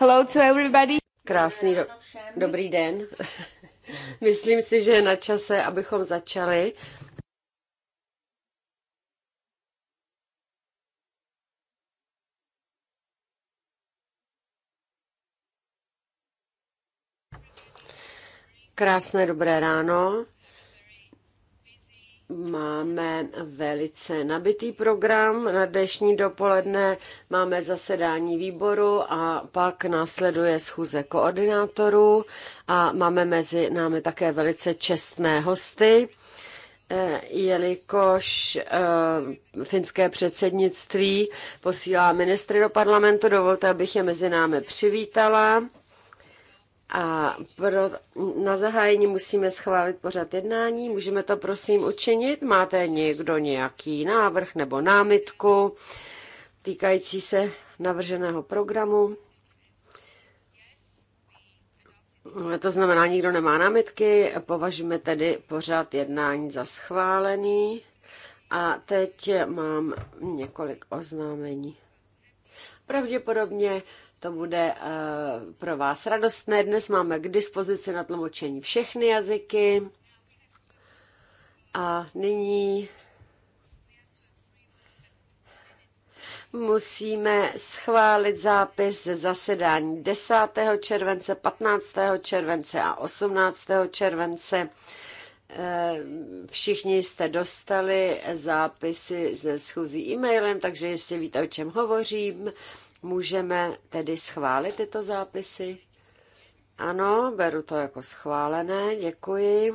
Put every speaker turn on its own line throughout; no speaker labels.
Hello to everybody. Krásný do- dobrý den. Myslím si, že je na čase, abychom začali. Krásné dobré ráno. Máme velice nabitý program na dnešní dopoledne, máme zasedání výboru a pak následuje schůze koordinátorů a máme mezi námi také velice čestné hosty, eh, jelikož eh, finské předsednictví posílá ministry do parlamentu, dovolte, abych je mezi námi přivítala a pro, na zahájení musíme schválit pořad jednání. Můžeme to prosím učinit? Máte někdo nějaký návrh nebo námitku týkající se navrženého programu? To znamená, nikdo nemá námitky, považujeme tedy pořád jednání za schválený. A teď mám několik oznámení. Pravděpodobně to bude eh, pro vás radostné. Dnes máme k dispozici na tlumočení všechny jazyky. A nyní musíme schválit zápis ze zasedání 10. července, 15. července a 18. července. Eh, všichni jste dostali zápisy ze schůzí e-mailem, takže jestli víte, o čem hovořím. Můžeme tedy schválit tyto zápisy? Ano, beru to jako schválené, děkuji.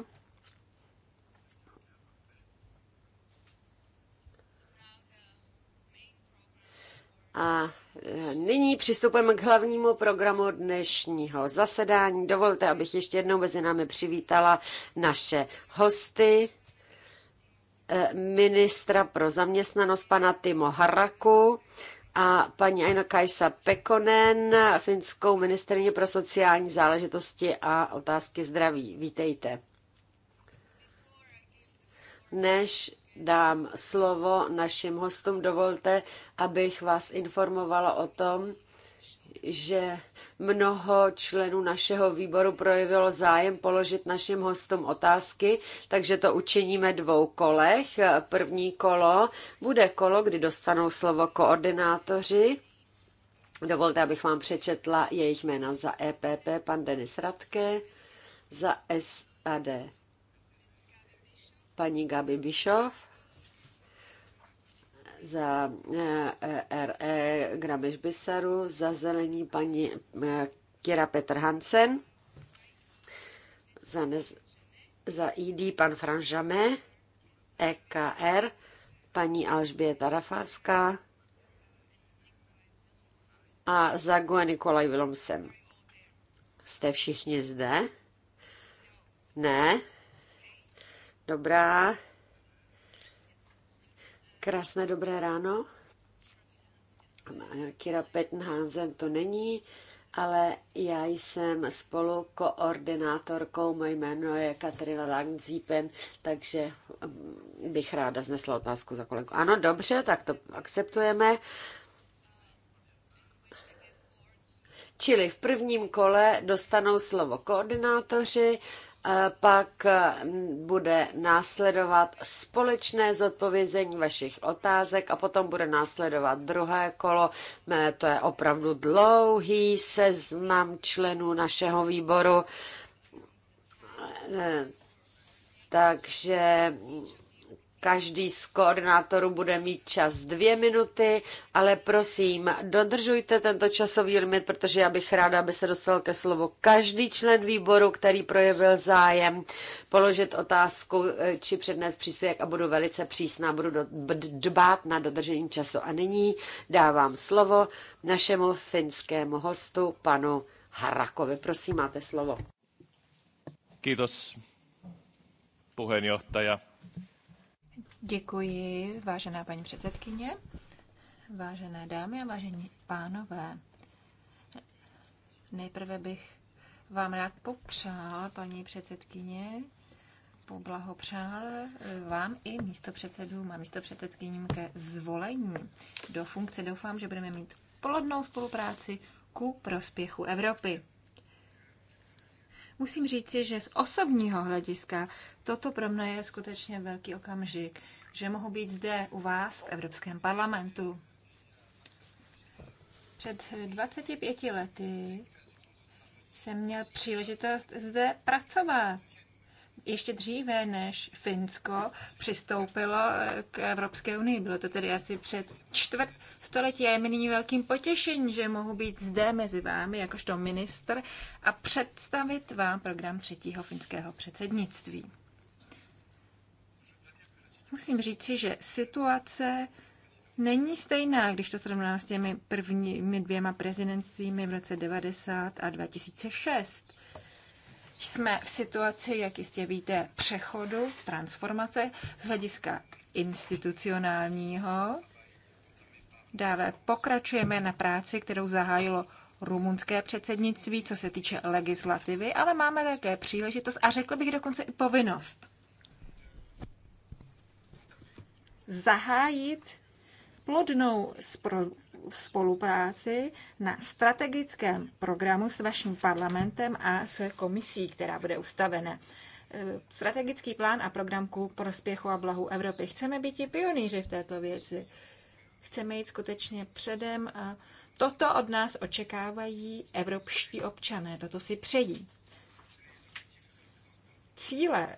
A e, nyní přistupujeme k hlavnímu programu dnešního zasedání. Dovolte, abych ještě jednou mezi námi přivítala naše hosty, e, ministra pro zaměstnanost pana Timo Haraku, a paní Aina Kajsa Pekonen, finskou ministrině pro sociální záležitosti a otázky zdraví. Vítejte. Než dám slovo našim hostům, dovolte, abych vás informovala o tom, že mnoho členů našeho výboru projevilo zájem položit našim hostům otázky, takže to učiníme dvou kolech. První kolo bude kolo, kdy dostanou slovo koordinátoři. Dovolte, abych vám přečetla jejich jména za EPP, pan Denis Radke, za SAD, paní Gabi Bišov, za eh, RE Grabeš Bisaru, za zelení paní eh, Kira Petr Hansen, za, nez, za ID pan Franžame, EKR, paní Alžběta Rafalská a za Gue Nikolaj Vilomsen. Jste všichni zde? Ne? Dobrá. Krásné dobré ráno. Kira Pettenhansen to není, ale já jsem spolu koordinátorkou, moje jméno je Katarina Langzípen, takže um, bych ráda znesla otázku za kolegu. Ano, dobře, tak to akceptujeme. Čili v prvním kole dostanou slovo koordinátoři, pak eh, bude následovat společné zodpovězení vašich otázek a potom bude následovat druhé kolo. To je opravdu dlouhý seznam členů našeho výboru. Eh, takže Každý z koordinátorů bude mít čas dvě minuty, ale prosím, dodržujte tento časový limit, protože já bych ráda, aby se dostal ke slovu každý člen výboru, který projevil zájem položit otázku eh, či přednést příspěvek a budu velice přísná, budu dbát na dodržení času. A nyní dávám slovo našemu finskému hostu, panu Harakovi. Prosím, máte slovo. Kýtos, puheenjohtaja.
Děkuji, vážená paní předsedkyně, vážené dámy a vážení pánové. Nejprve bych vám rád popřál, paní předsedkyně, poblahopřál vám i místopředsedům a místopředsedkyním ke zvolení do funkce. Doufám, že budeme mít plodnou spolupráci ku prospěchu Evropy. Musím říci, že z osobního hlediska toto pro mě je skutečně velký okamžik že mohu být zde u vás v Evropském parlamentu. Před 25 lety jsem měl příležitost zde pracovat. Ještě dříve, než Finsko přistoupilo eh, k Evropské unii, bylo to tedy asi před čtvrt století Já je mi nyní velkým potěšením, že mohu být zde mezi vámi jakožto ministr a představit vám program třetího finského předsednictví musím říci, že situace není stejná, když to srovnám s těmi prvními dvěma prezidentstvími v roce 90 a 2006. Jsme v situaci, jak jistě víte, přechodu, transformace z hlediska institucionálního. Dále pokračujeme na práci, kterou zahájilo rumunské předsednictví, co se týče legislativy, ale máme také příležitost a řekl bych dokonce i povinnost zahájit plodnou spolupráci na strategickém programu s vaším parlamentem a s komisí, která bude ustavena. E, strategický plán a program ku prospěchu a blahu Evropy. Chceme být i pionýři v této věci. Chceme jít skutečně předem a toto od nás očekávají evropští občané, toto si přejí. Cíle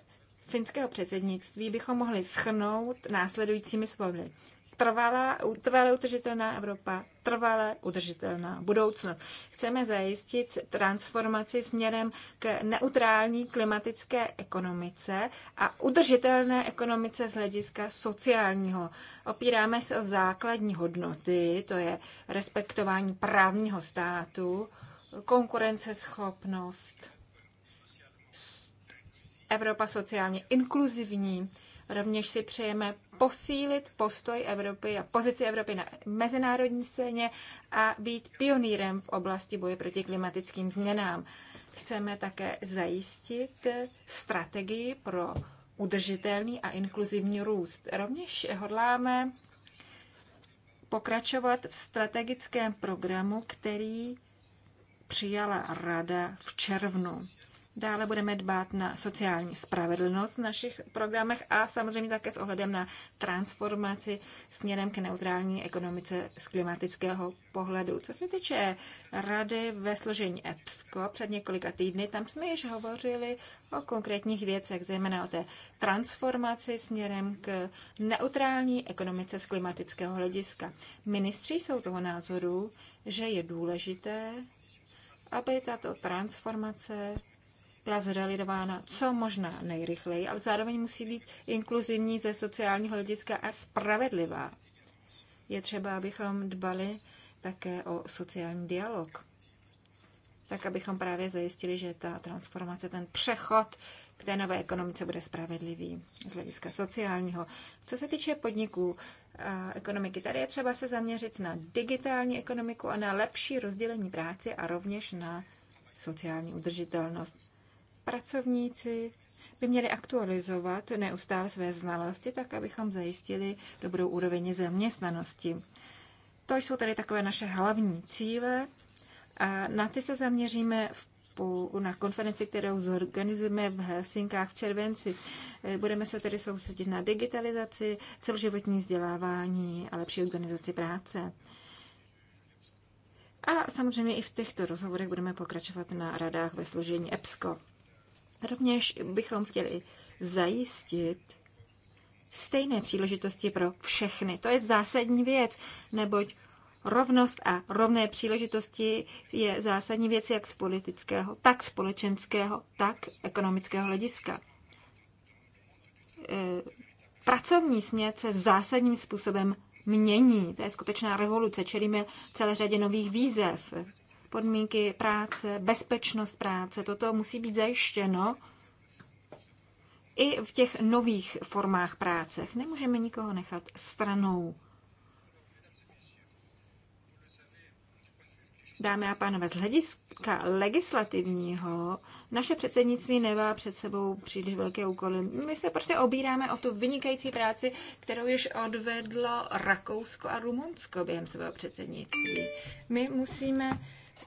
finského předsednictví bychom mohli schrnout následujícími slovy. Trvalá, trvalé udržitelná Evropa, trvalé udržitelná budoucnost. Chceme zajistit transformaci směrem k neutrální klimatické ekonomice a udržitelné ekonomice z hlediska sociálního. Opíráme se o základní hodnoty, to je respektování právního státu, konkurenceschopnost, Evropa sociálně inkluzivní. Rovněž si přejeme posílit postoj Evropy a pozici Evropy na mezinárodní scéně a být pionýrem v oblasti boje proti klimatickým změnám. Chceme také zajistit strategii pro udržitelný a inkluzivní růst. Rovněž hodláme pokračovat v strategickém programu, který přijala Rada v červnu. Dále budeme dbát na sociální spravedlnost v našich programech a samozřejmě také s ohledem na transformaci směrem k neutrální ekonomice z klimatického pohledu. Co se týče rady ve složení EPSCO před několika týdny, tam jsme již hovořili o konkrétních věcech, zejména o té transformaci směrem k neutrální ekonomice z klimatického hlediska. Ministři jsou toho názoru, že je důležité, aby tato transformace byla zrealizována co možná nejrychleji, ale zároveň musí být inkluzivní ze sociálního hlediska a spravedlivá. Je třeba, abychom dbali také o sociální dialog. Tak, abychom právě zajistili, že ta transformace, ten přechod k té nové ekonomice bude spravedlivý z hlediska sociálního. Co se týče podniků a ekonomiky, tady je třeba se zaměřit na digitální ekonomiku a na lepší rozdělení práce a rovněž na sociální udržitelnost pracovníci by měli aktualizovat neustále své znalosti, tak abychom zajistili dobrou úroveň zaměstnanosti. To jsou tedy takové naše hlavní cíle a na ty se zaměříme v na konferenci, kterou zorganizujeme v Helsinkách v červenci. Eh, budeme se tedy soustředit na digitalizaci, celoživotní vzdělávání a lepší organizaci práce. A samozřejmě i v těchto rozhovorech budeme pokračovat na radách ve složení EPSCO. Rovněž bychom chtěli zajistit stejné příležitosti pro všechny. To je zásadní věc, neboť rovnost a rovné příležitosti je zásadní věc jak z politického, tak společenského, tak ekonomického hlediska. E, pracovní směr se zásadním způsobem mění. To je skutečná revoluce. Čelíme celé řadě nových výzev podmínky práce, bezpečnost práce. Toto musí být zajištěno i v těch nových formách práce. Nemůžeme nikoho nechat stranou. Dámy a pánové, z hlediska legislativního naše předsednictví nemá před sebou příliš velké úkoly. My se prostě obíráme o tu vynikající práci, kterou již odvedlo Rakousko a Rumunsko během svého předsednictví. My musíme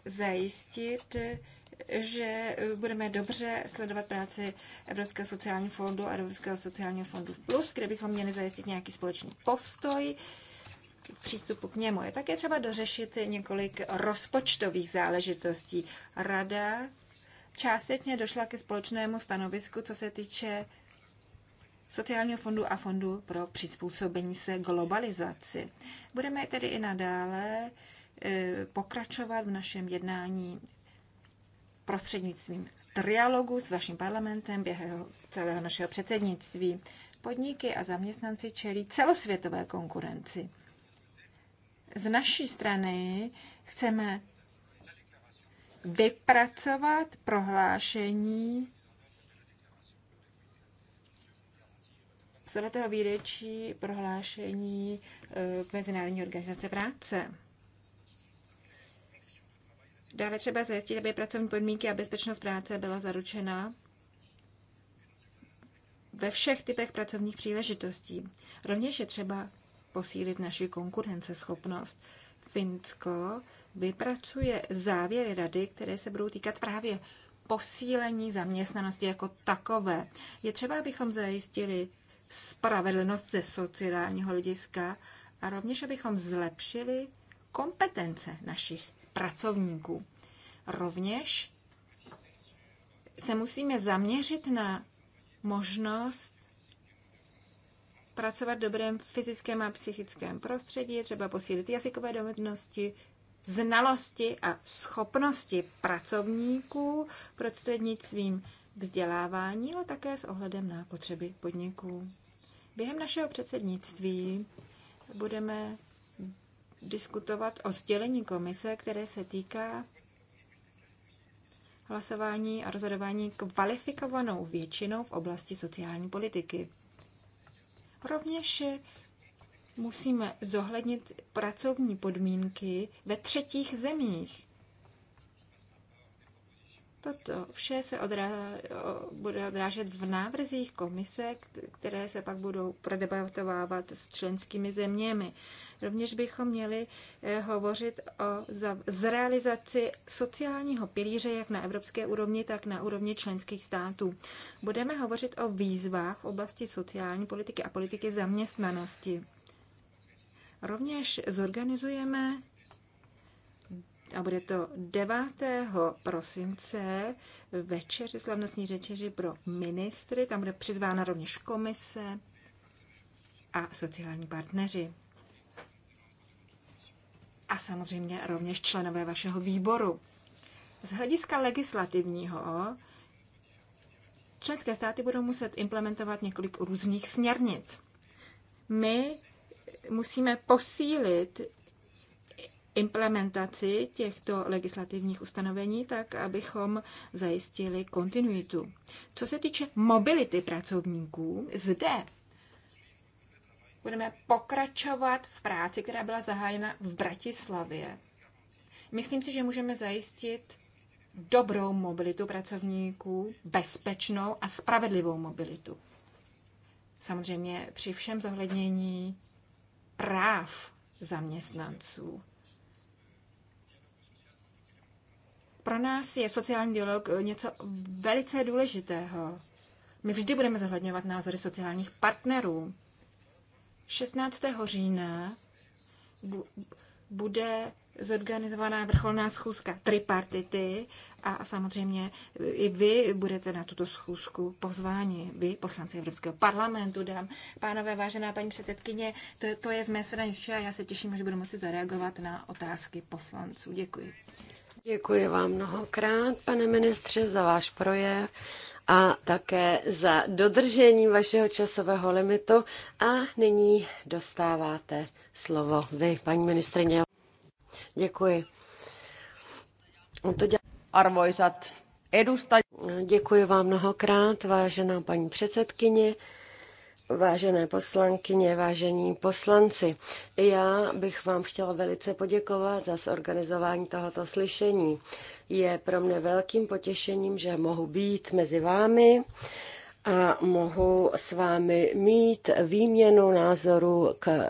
zajistit, že budeme dobře sledovat práci Evropského sociálního fondu a Evropského sociálního fondu Plus, kde bychom měli zajistit nějaký společný postoj v přístupu k němu. Je také třeba dořešit několik rozpočtových záležitostí. Rada částečně došla ke společnému stanovisku, co se týče sociálního fondu a fondu pro přizpůsobení se globalizaci. Budeme tedy i nadále Eh, pokračovat v našem jednání prostřednictvím trialogu s vaším parlamentem během celého našeho předsednictví. Podniky a zaměstnanci čelí celosvětové konkurenci. Z naší strany chceme vypracovat prohlášení z toho výročí prohlášení eh, Mezinárodní organizace práce. Dále třeba zajistit, aby pracovní podmínky a bezpečnost práce byla zaručena ve všech typech pracovních příležitostí. Rovněž je třeba posílit naši konkurenceschopnost. Finsko vypracuje závěry rady, které se budou týkat právě posílení zaměstnanosti jako takové. Je třeba, abychom zajistili spravedlnost ze sociálního hlediska a rovněž, abychom zlepšili kompetence našich pracovníků. Rovněž se musíme zaměřit na možnost pracovat v dobrém fyzickém a psychickém prostředí, třeba posílit jazykové dovednosti, znalosti a schopnosti pracovníků prostřednictvím vzdělávání, ale také s ohledem na potřeby podniků. Během našeho předsednictví budeme diskutovat o sdělení komise, které se týká hlasování a rozhodování kvalifikovanou většinou v oblasti sociální politiky. Rovněž musíme zohlednit pracovní podmínky ve třetích zemích. Toto vše se odrá, bude odrážet v návrzích komise, které se pak budou prodebatovávat s členskými zeměmi. Rovněž bychom měli eh, hovořit o zrealizaci sociálního pilíře jak na evropské úrovni, tak na úrovni členských států. Budeme hovořit o výzvách v oblasti sociální politiky a politiky zaměstnanosti. Rovněž zorganizujeme a bude to 9. prosince večeři, slavnostní řečeři pro ministry. Tam bude přizvána rovněž komise a sociální partneři a samozřejmě rovněž členové vašeho výboru. Z hlediska legislativního členské státy budou muset implementovat několik různých směrnic. My musíme posílit implementaci těchto legislativních ustanovení tak, abychom zajistili kontinuitu. Co se týče mobility pracovníků, zde budeme pokračovat v práci, která byla zahájena v Bratislavě. Myslím si, že můžeme zajistit dobrou mobilitu pracovníků, bezpečnou a spravedlivou mobilitu. Samozřejmě při všem zohlednění práv zaměstnanců. Pro nás je sociální dialog něco velice důležitého. My vždy budeme zohledňovat názory sociálních partnerů. 16. října bude zorganizovaná vrcholná schůzka tripartity a samozřejmě i vy budete na tuto schůzku pozváni, vy, poslanci Evropského parlamentu, dám. Pánové, vážená paní předsedkyně, to, to je z mé strany vše a já se těším, že budu moci zareagovat na otázky poslanců. Děkuji.
Děkuji vám mnohokrát, pane ministře, za váš projev a také za dodržení vašeho časového limitu. A nyní dostáváte slovo vy, paní ministrině. Děkuji. Arvoisat edustajat. Děkuji vám mnohokrát, vážená paní předsedkyně. Vážené poslankyně, vážení poslanci, já bych vám chtěla velice poděkovat za zorganizování tohoto slyšení. Je pro mne velkým potěšením, že mohu být mezi vámi a mohu s vámi mít výměnu názoru k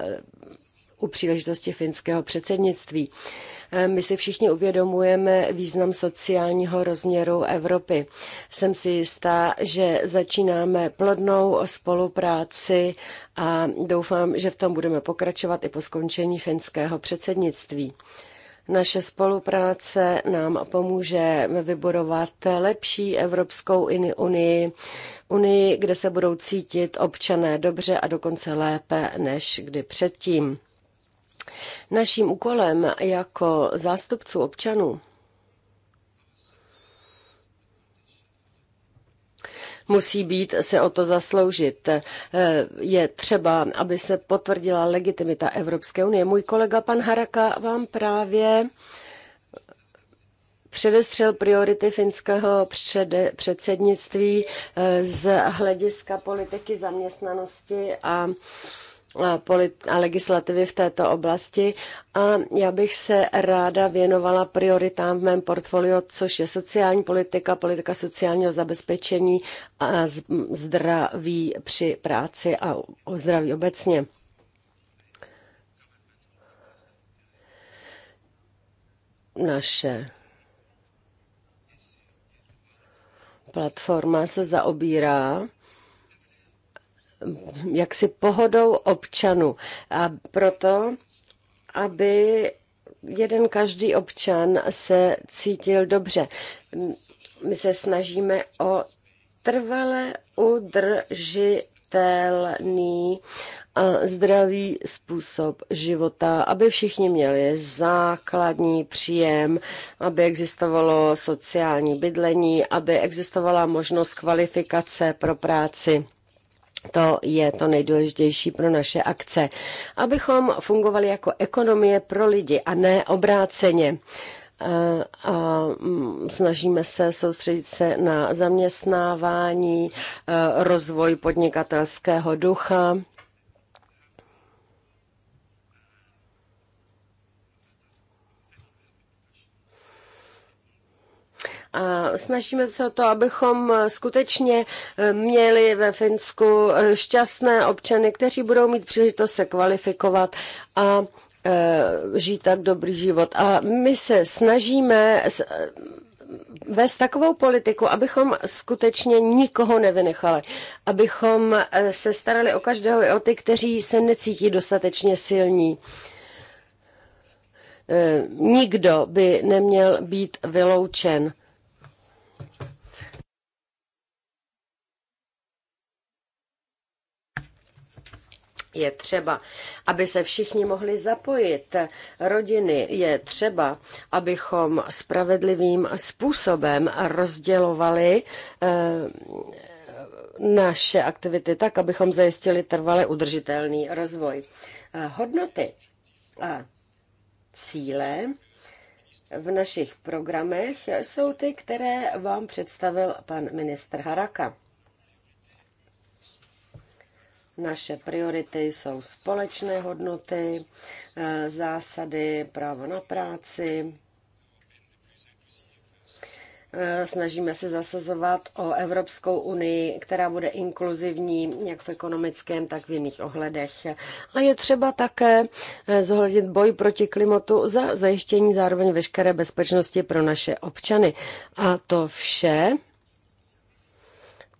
u příležitosti finského předsednictví. Eh, my si všichni uvědomujeme význam sociálního rozměru Evropy. Jsem si jistá, že začínáme plodnou spolupráci a doufám, že v tom budeme pokračovat i po skončení finského předsednictví. Naše spolupráce nám pomůže vybudovat lepší Evropskou unii, unii, kde se budou cítit občané dobře a dokonce lépe než kdy předtím. Naším úkolem jako zástupců občanů musí být se o to zasloužit. Eh, je třeba, aby se potvrdila legitimita Evropské unie. Můj kolega pan Haraka vám právě předestřel priority finského přede, předsednictví eh, z hlediska politiky zaměstnanosti a a legislativy v této oblasti a já bych se ráda věnovala prioritám v mém portfoliu, což je sociální politika, politika sociálního zabezpečení a zdraví při práci a o zdraví obecně. Naše platforma se zaobírá jaksi pohodou občanů. A proto, aby jeden každý občan se cítil dobře. My se snažíme o trvale udržitelný a zdravý způsob života, aby všichni měli základní příjem, aby existovalo sociální bydlení, aby existovala možnost kvalifikace pro práci to je to nejdůležitější pro naše akce, abychom fungovali jako ekonomie pro lidi a ne obráceně a mm, snažíme se soustředit se na zaměstnávání, rozvoj podnikatelského ducha A snažíme se o to, abychom skutečně eh, měli ve Finsku eh, šťastné občany, kteří budou mít příležitost se kvalifikovat a eh, žít tak dobrý život. A my se snažíme vést takovou politiku, abychom skutečně nikoho nevynechali, abychom se starali o každého i o ty, kteří se necítí dostatečně silní. Nikdo by neměl být vyloučen. je třeba, aby se všichni mohli zapojit. Rodiny je třeba, abychom spravedlivým způsobem rozdělovali eh, naše aktivity tak, abychom zajistili trvale udržitelný rozvoj. Eh, hodnoty a cíle v našich programech jsou ty, které vám představil pan ministr Haraka. Naše priority jsou společné hodnoty, eh, zásady právo na práci. Eh, snažíme se zasazovat o Evropskou unii, která bude inkluzivní jak v ekonomickém, tak v jiných ohledech. A je třeba také eh, zohlednit boj proti klimatu za zajištění zároveň veškeré bezpečnosti pro naše občany. A to vše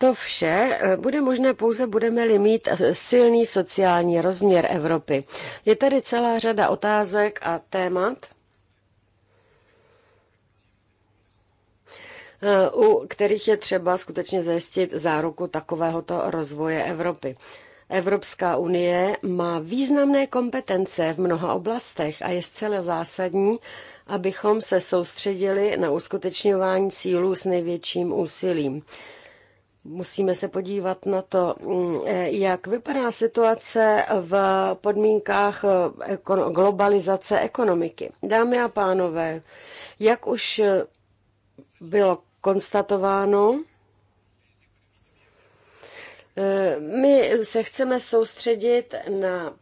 to vše eh, bude možné pouze budeme-li mít eh, silný sociální rozměr Evropy. Je tady celá řada otázek a témat, eh, u kterých je třeba skutečně zajistit záruku takovéhoto rozvoje Evropy. Evropská unie má významné kompetence v mnoha oblastech a je zcela zásadní, abychom se soustředili na uskutečňování cílů s největším úsilím. Musíme se podívat na to, mm, e, jak vypadá situace v podmínkách e, globalizace ekonomiky. Dámy a pánové, jak už bylo konstatováno, e, my se chceme soustředit na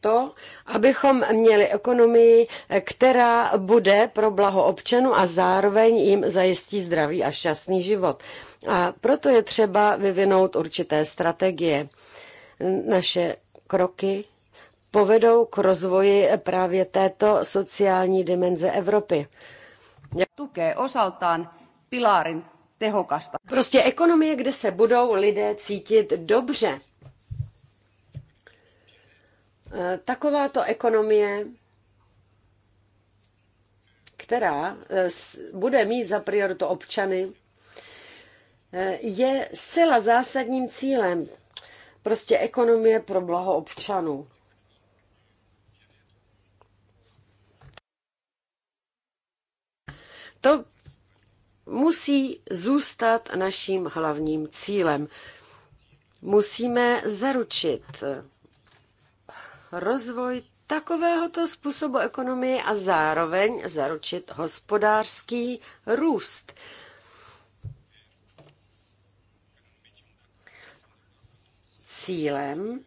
to, abychom měli ekonomii, která bude pro blaho občanů a zároveň jim zajistí zdravý a šťastný život. A proto je třeba vyvinout určité strategie. Naše kroky povedou k rozvoji právě této sociální dimenze Evropy. Tuké osaltán pilarin tehokasta. Prostě ekonomie, kde se budou lidé cítit dobře. E, takováto ekonomie, která e, bude mít za prioritu občany, E, je zcela zásadním cílem prostě ekonomie pro blaho občanů. To musí zůstat naším hlavním cílem. Musíme zaručit rozvoj takovéhoto způsobu ekonomie a zároveň zaručit hospodářský růst. cílem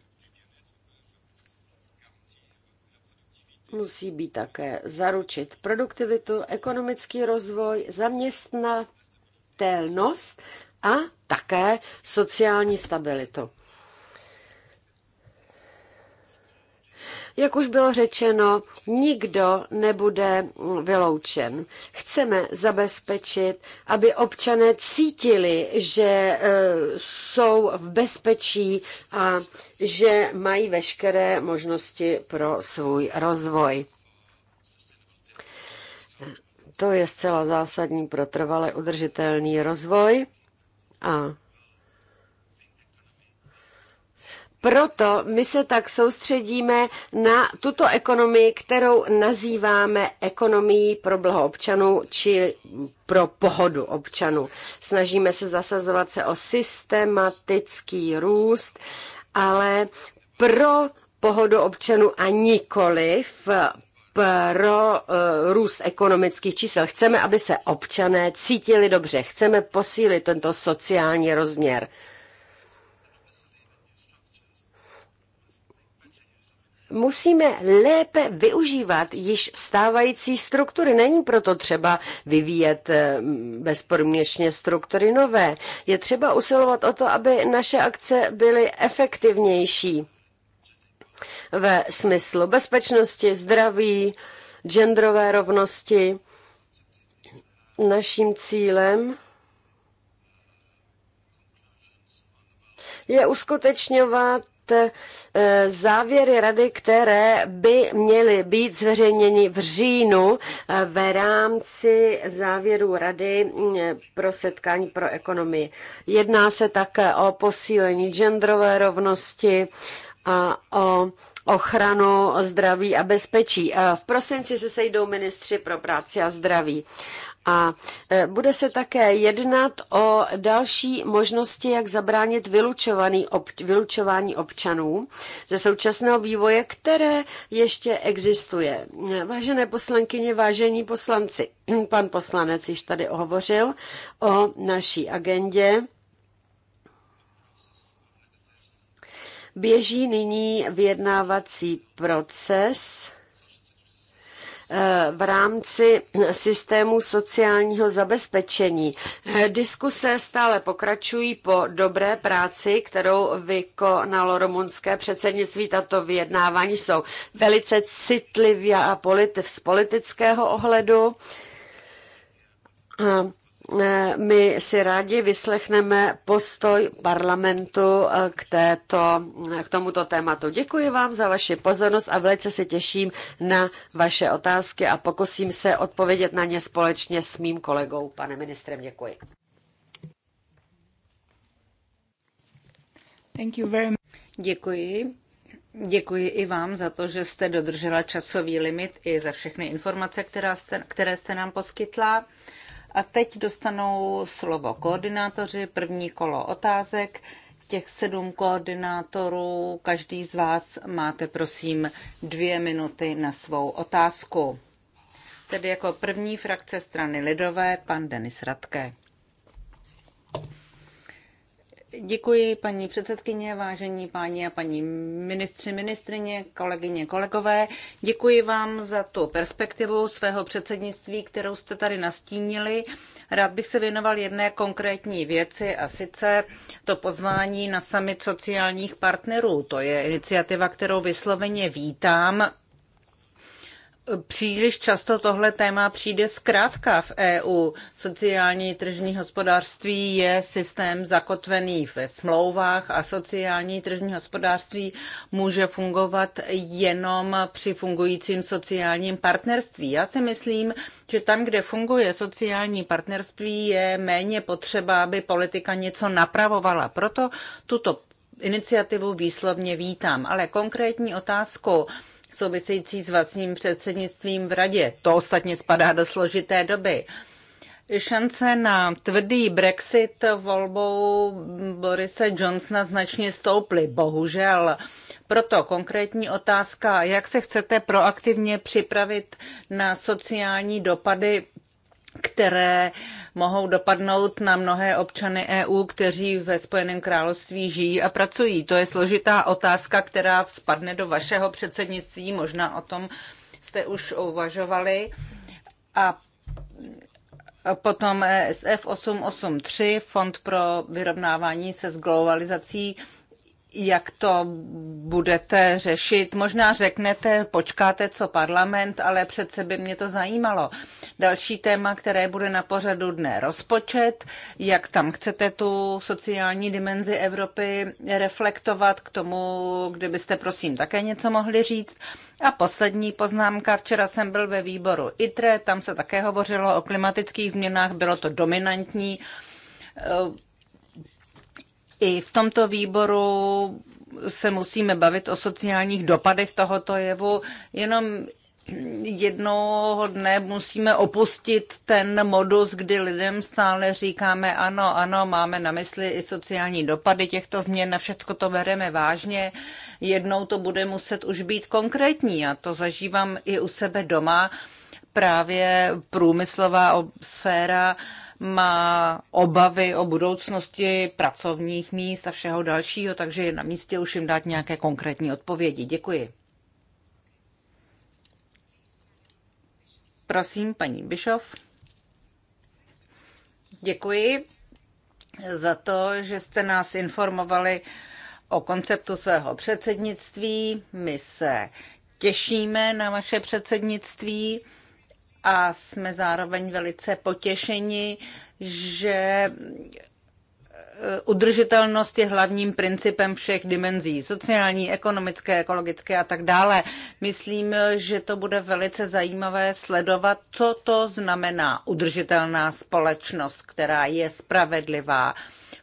musí být také zaručit produktivitu, ekonomický rozvoj, zaměstnatelnost a také sociální stabilitu. Jak už bylo řečeno, nikdo nebude vyloučen. Chceme zabezpečit, aby občané cítili, že e, jsou v bezpečí a že mají veškeré možnosti pro svůj rozvoj. To je zcela zásadní pro trvale udržitelný rozvoj a Proto my se tak soustředíme na tuto ekonomii, kterou nazýváme ekonomií pro blaho občanů či pro pohodu občanů. Snažíme se zasazovat se o systematický růst, ale pro pohodu občanů a nikoliv pro uh, růst ekonomických čísel. Chceme, aby se občané cítili dobře. Chceme posílit tento sociální rozměr. musíme lépe využívat již stávající struktury. Není proto třeba vyvíjet eh, bezpodmínečně struktury nové. Je třeba usilovat o to, aby naše akce byly efektivnější ve smyslu bezpečnosti, zdraví, genderové rovnosti. Naším cílem je uskutečňovat Eh, závěry rady, které by měly být zveřejněny v říjnu eh, v rámci závěru rady mm, pro setkání pro ekonomii. Jedná se také o posílení genderové rovnosti a o ochranu zdraví a bezpečí. Eh, v prosinci se sejdou ministři pro práci a zdraví. A e, bude se také jednat o další možnosti, jak zabránit vylučovaný ob, vylučování občanů ze současného vývoje, které ještě existuje. Vážené poslankyně, vážení poslanci, pan poslanec již tady hovořil o naší agendě. Běží nyní vyjednávací proces Eh, v rámci systému sociálního zabezpečení. Eh, diskuse stále pokračují po dobré práci, kterou vykonalo rumunské předsednictví. Tato vyjednávání jsou velice citlivě a politi- z politického ohledu. A Eh, my si rádi vyslechneme postoj parlamentu eh, k, této, eh, k tomuto tématu. Děkuji vám za vaši pozornost a velice se těším na vaše otázky a pokusím se odpovědět na ně společně s mým kolegou, pane ministrem. Děkuji.
Thank you very much.
Děkuji. Děkuji i vám za to, že jste dodržela časový limit i za všechny informace, která jste, které jste nám poskytla. A teď dostanou slovo koordinátoři, první kolo otázek. Těch sedm koordinátorů, každý z vás máte prosím dvě minuty na svou otázku. Tedy jako první frakce strany Lidové, pan Denis Radke. Děkuji paní předsedkyně, vážení páni a paní ministři, ministrině, kolegyně, kolegové. Děkuji vám za tu perspektivu svého předsednictví, kterou jste tady nastínili. Rád bych se věnoval jedné konkrétní věci a sice to pozvání na summit sociálních partnerů. To je iniciativa, kterou vysloveně vítám příliš často tohle téma přijde zkrátka v EU. Sociální tržní hospodářství je systém zakotvený ve smlouvách a sociální tržní hospodářství může fungovat jenom při fungujícím sociálním partnerství. Já si myslím, že tam, kde funguje sociální partnerství, je méně potřeba, aby politika něco napravovala. Proto tuto iniciativu výslovně vítám. Ale konkrétní otázku související s vlastním předsednictvím v radě. To ostatně spadá do složité doby. Šance na tvrdý Brexit volbou Borise Johnsona značně stouply, bohužel. Proto konkrétní otázka, jak se chcete proaktivně připravit na sociální dopady které mohou dopadnout na mnohé občany EU, kteří ve Spojeném království žijí a pracují. To je složitá otázka, která spadne do vašeho předsednictví, možná o tom jste už uvažovali. A potom SF 883, Fond pro vyrovnávání se s globalizací, jak to budete řešit. Možná řeknete, počkáte, co parlament, ale přece by mě to zajímalo. Další téma, které bude na pořadu dne, rozpočet, jak tam chcete tu sociální dimenzi Evropy reflektovat, k tomu, kdybyste prosím také něco mohli říct. A poslední poznámka, včera jsem byl ve výboru ITRE, tam se také hovořilo o klimatických změnách, bylo to dominantní i v tomto výboru se musíme bavit o sociálních dopadech tohoto jevu, jenom jednoho dne musíme opustit ten modus, kdy lidem stále říkáme ano, ano, máme na mysli i sociální dopady těchto změn, na všechno to bereme vážně. Jednou to bude muset už být konkrétní a to zažívám i u sebe doma. Právě průmyslová sféra má obavy o budoucnosti pracovních míst a všeho dalšího, takže je na místě už jim dát nějaké konkrétní odpovědi. Děkuji. Prosím, paní Bišov. Děkuji za to, že jste nás informovali o konceptu svého předsednictví. My se těšíme na vaše předsednictví a jsme zároveň velice potěšeni, že eh, udržitelnost je hlavním principem všech dimenzí, sociální, ekonomické, ekologické a tak dále. Myslím, že to bude velice zajímavé sledovat, co to znamená udržitelná společnost, která je spravedlivá,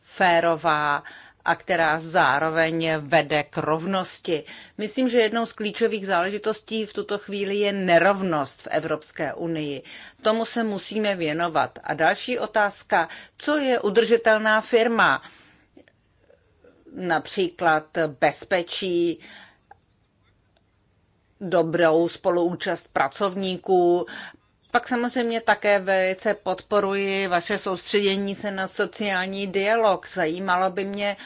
férová, a která zároveň vede k rovnosti. Myslím, že jednou z klíčových záležitostí v tuto chvíli je nerovnost v Evropské unii. Tomu se musíme věnovat. A další otázka, co je udržitelná firma? Například bezpečí, dobrou spoluúčast pracovníků, pak samozřejmě také velice podporuji vaše soustředění se na sociální dialog. Zajímalo by mě,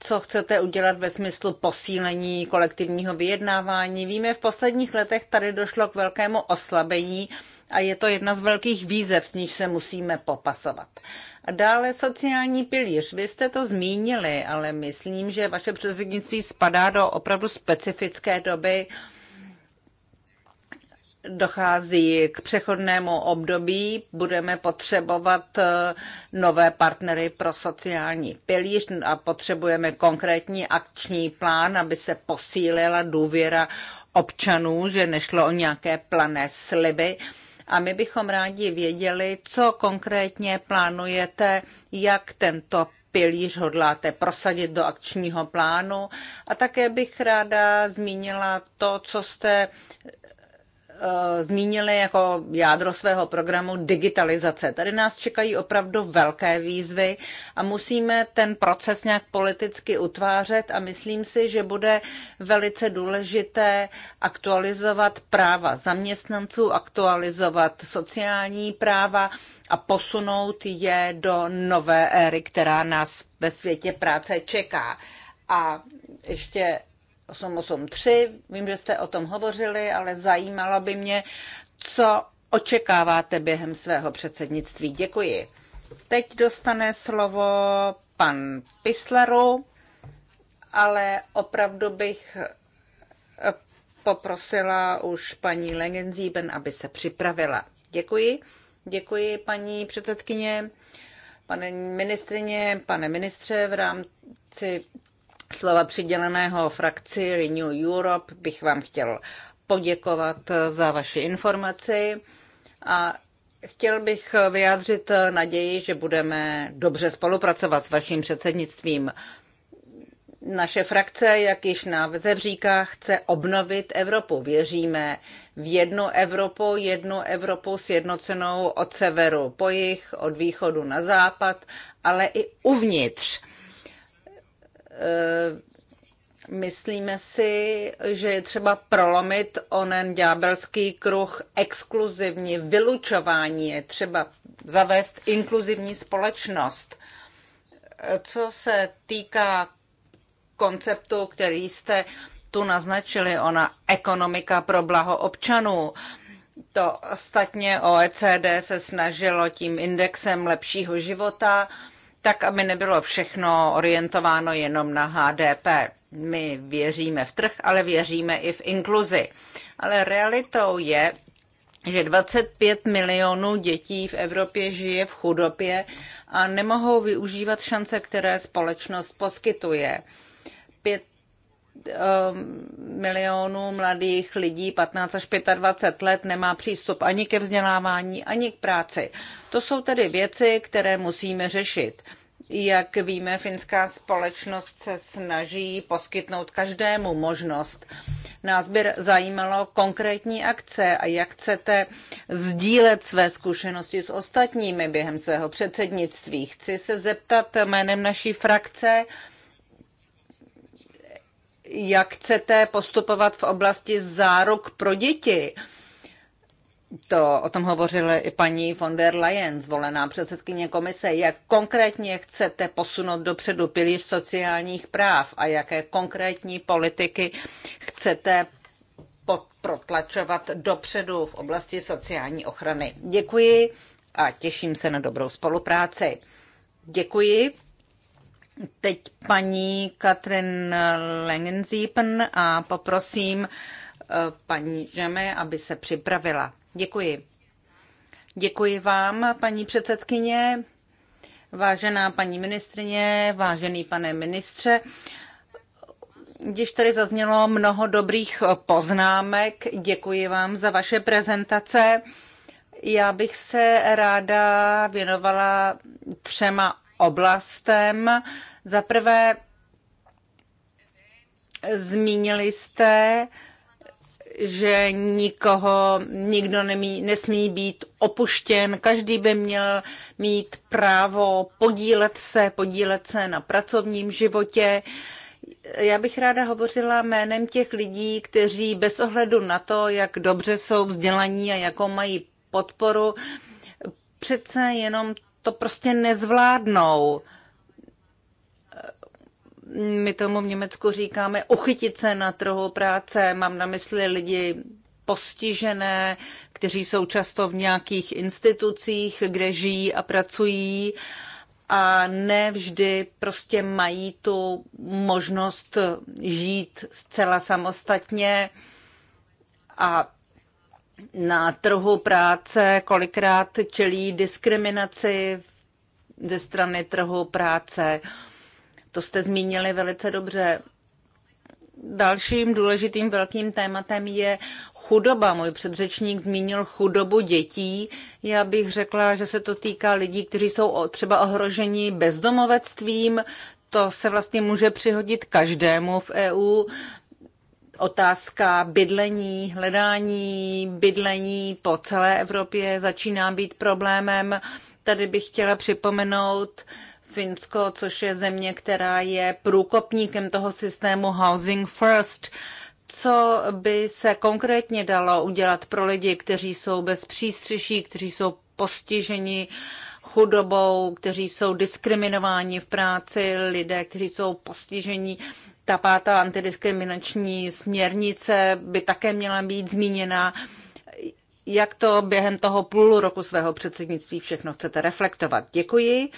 co chcete udělat ve smyslu posílení kolektivního vyjednávání. Víme, v posledních letech tady došlo k velkému oslabení a je to jedna z velkých výzev, s níž se musíme popasovat. A dále sociální pilíř. Vy jste to zmínili, ale myslím, že vaše předsednictví spadá do opravdu specifické doby, dochází k přechodnému období, budeme potřebovat eh, nové partnery pro sociální pilíř a potřebujeme konkrétní akční plán, aby se posílila důvěra občanů, že nešlo o nějaké plané sliby. A my bychom rádi věděli, co konkrétně plánujete, jak tento pilíř hodláte prosadit do akčního plánu. A také bych ráda zmínila to, co jste Eh, zmínili jako jádro svého programu digitalizace. Tady nás čekají opravdu velké výzvy a musíme ten proces nějak politicky utvářet a myslím si, že bude velice důležité aktualizovat práva zaměstnanců, aktualizovat sociální práva a posunout je do nové éry, která nás ve světě práce čeká. A ještě 883. Vím, že jste o tom hovořili, ale zajímalo by mě, co očekáváte během svého předsednictví. Děkuji. Teď dostane slovo pan Pislaru, ale opravdu bych eh, poprosila už paní Lengenzíben, aby se připravila. Děkuji. Děkuji, paní předsedkyně, pane ministrině, pane ministře, v rámci slova přiděleného frakci Renew Europe bych vám chtěl poděkovat za vaši informaci a chtěl bych vyjádřit naději, že budeme dobře spolupracovat s vaším předsednictvím. Naše frakce, jak již název říká, chce obnovit Evropu. Věříme v jednu Evropu, jednu Evropu sjednocenou od severu po jih, od východu na západ, ale i uvnitř Eh, myslíme si, že je třeba prolomit onen ďábelský kruh exkluzivní vylučování, je třeba zavést inkluzivní společnost. Eh, co se týká konceptu, který jste tu naznačili, ona ekonomika pro blaho občanů, to ostatně OECD se snažilo tím indexem lepšího života, tak aby nebylo všechno orientováno jenom na HDP. My věříme v trh, ale věříme i v inkluzi. Ale realitou je, že 25 milionů dětí v Evropě žije v chudobě a nemohou využívat šance, které společnost poskytuje. Um, milionů mladých lidí 15 až 25 let nemá přístup ani ke vzdělávání, ani k práci. To jsou tedy věci, které musíme řešit. Jak víme, finská společnost se snaží poskytnout každému možnost. Nás by zajímalo konkrétní akce a jak chcete sdílet své zkušenosti s ostatními během svého předsednictví. Chci se zeptat jménem naší frakce, jak chcete postupovat v oblasti záruk pro děti. To o tom hovořila i paní von der Leyen, zvolená předsedkyně komise, jak konkrétně chcete posunout dopředu pilíř sociálních práv a jaké konkrétní politiky chcete protlačovat dopředu v oblasti sociální ochrany. Děkuji a těším se na dobrou spolupráci. Děkuji teď paní Katrin Langenziepen a poprosím eh, paní Žeme, aby se připravila. Děkuji. Děkuji vám, paní předsedkyně, vážená paní ministrině, vážený pane ministře. Když tady zaznělo mnoho dobrých poznámek, děkuji vám za vaše prezentace. Já bych se ráda věnovala třema oblastem. Za prvé, zmínili jste, že nikoho, nikdo nemí, nesmí být opuštěn, každý by měl mít právo podílet se, podílet se na pracovním životě. Já bych ráda hovořila jménem těch lidí, kteří bez ohledu na to, jak dobře jsou vzdělaní a jakou mají podporu, přece jenom to prostě nezvládnou. My tomu v Německu říkáme uchytit se na trhu práce. Mám na mysli lidi postižené, kteří jsou často v nějakých institucích, kde žijí a pracují a ne vždy prostě mají tu možnost žít zcela samostatně a na trhu práce kolikrát čelí diskriminaci ze strany trhu práce. To jste zmínili velice dobře. Dalším důležitým velkým tématem je chudoba. Můj předřečník zmínil chudobu dětí. Já bych řekla, že se to týká lidí, kteří jsou třeba ohroženi bezdomovectvím. To se vlastně může přihodit každému v EU otázka bydlení, hledání bydlení po celé Evropě začíná být problémem. Tady bych chtěla připomenout Finsko, což je země, která je průkopníkem toho systému Housing First. Co by se konkrétně dalo udělat pro lidi, kteří jsou bez přístřeší, kteří jsou postiženi chudobou, kteří jsou diskriminováni v práci, lidé, kteří jsou postiženi ta pátá antidiskriminační směrnice by také měla být zmíněna. Jak to během toho půl roku svého předsednictví všechno chcete reflektovat? Děkuji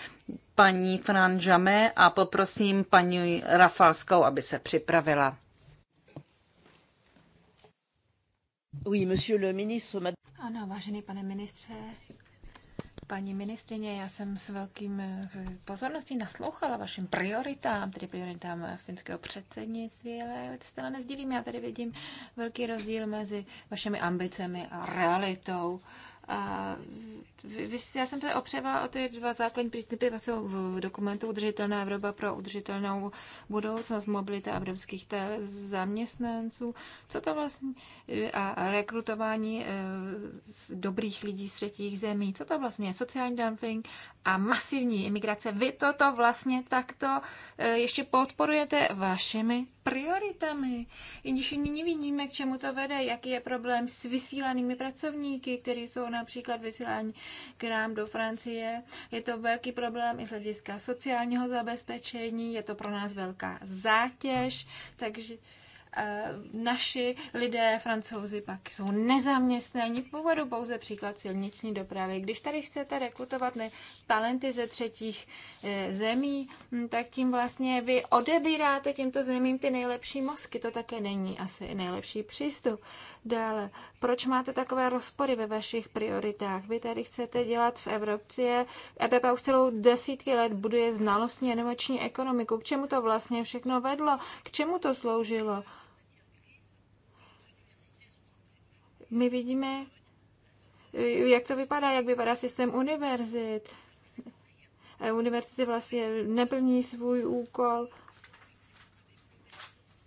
paní Jame a poprosím paní Rafalskou, aby se připravila. Oui, monsieur le ministre,
Ano, vážený pane ministře, Paní ministrině, já jsem s velkým eh, pozorností naslouchala vašim prioritám, tedy prioritám eh, finského předsednictví, ale to stále nezdivím, Já tady vidím velký rozdíl mezi vašimi ambicemi a realitou. A vy, já jsem se opřela o ty dva základní principy vašeho dokumentu Udržitelná Evropa pro udržitelnou budoucnost, mobilita evropských zaměstnanců. Co to vlastně a rekrutování e, dobrých lidí z třetích zemí. Co to vlastně je sociální dumping a masivní imigrace. Vy toto vlastně takto e, ještě podporujete vašimi prioritami. I když nyní vidíme, k čemu to vede, jaký je problém s vysílanými pracovníky, kteří jsou například vysílání k nám do Francie. Je to velký problém i z hlediska sociálního zabezpečení, je to pro nás velká zátěž, takže Eh, naši lidé, francouzi, pak jsou nezaměstnaní. Původu pouze příklad silniční dopravy. Když tady chcete rekrutovat ne, talenty ze třetích eh, zemí, hm, tak tím vlastně vy odebíráte těmto zemím ty nejlepší mozky. To také není asi nejlepší přístup. Dále, proč máte takové rozpory ve vašich prioritách? Vy tady chcete dělat v Evropě, Evropa už celou desítky let buduje znalostní a ekonomiku. K čemu to vlastně všechno vedlo? K čemu to sloužilo? my vidíme, eh, jak to vypadá, jak vypadá systém univerzit. Eh, univerzity vlastně neplní svůj úkol.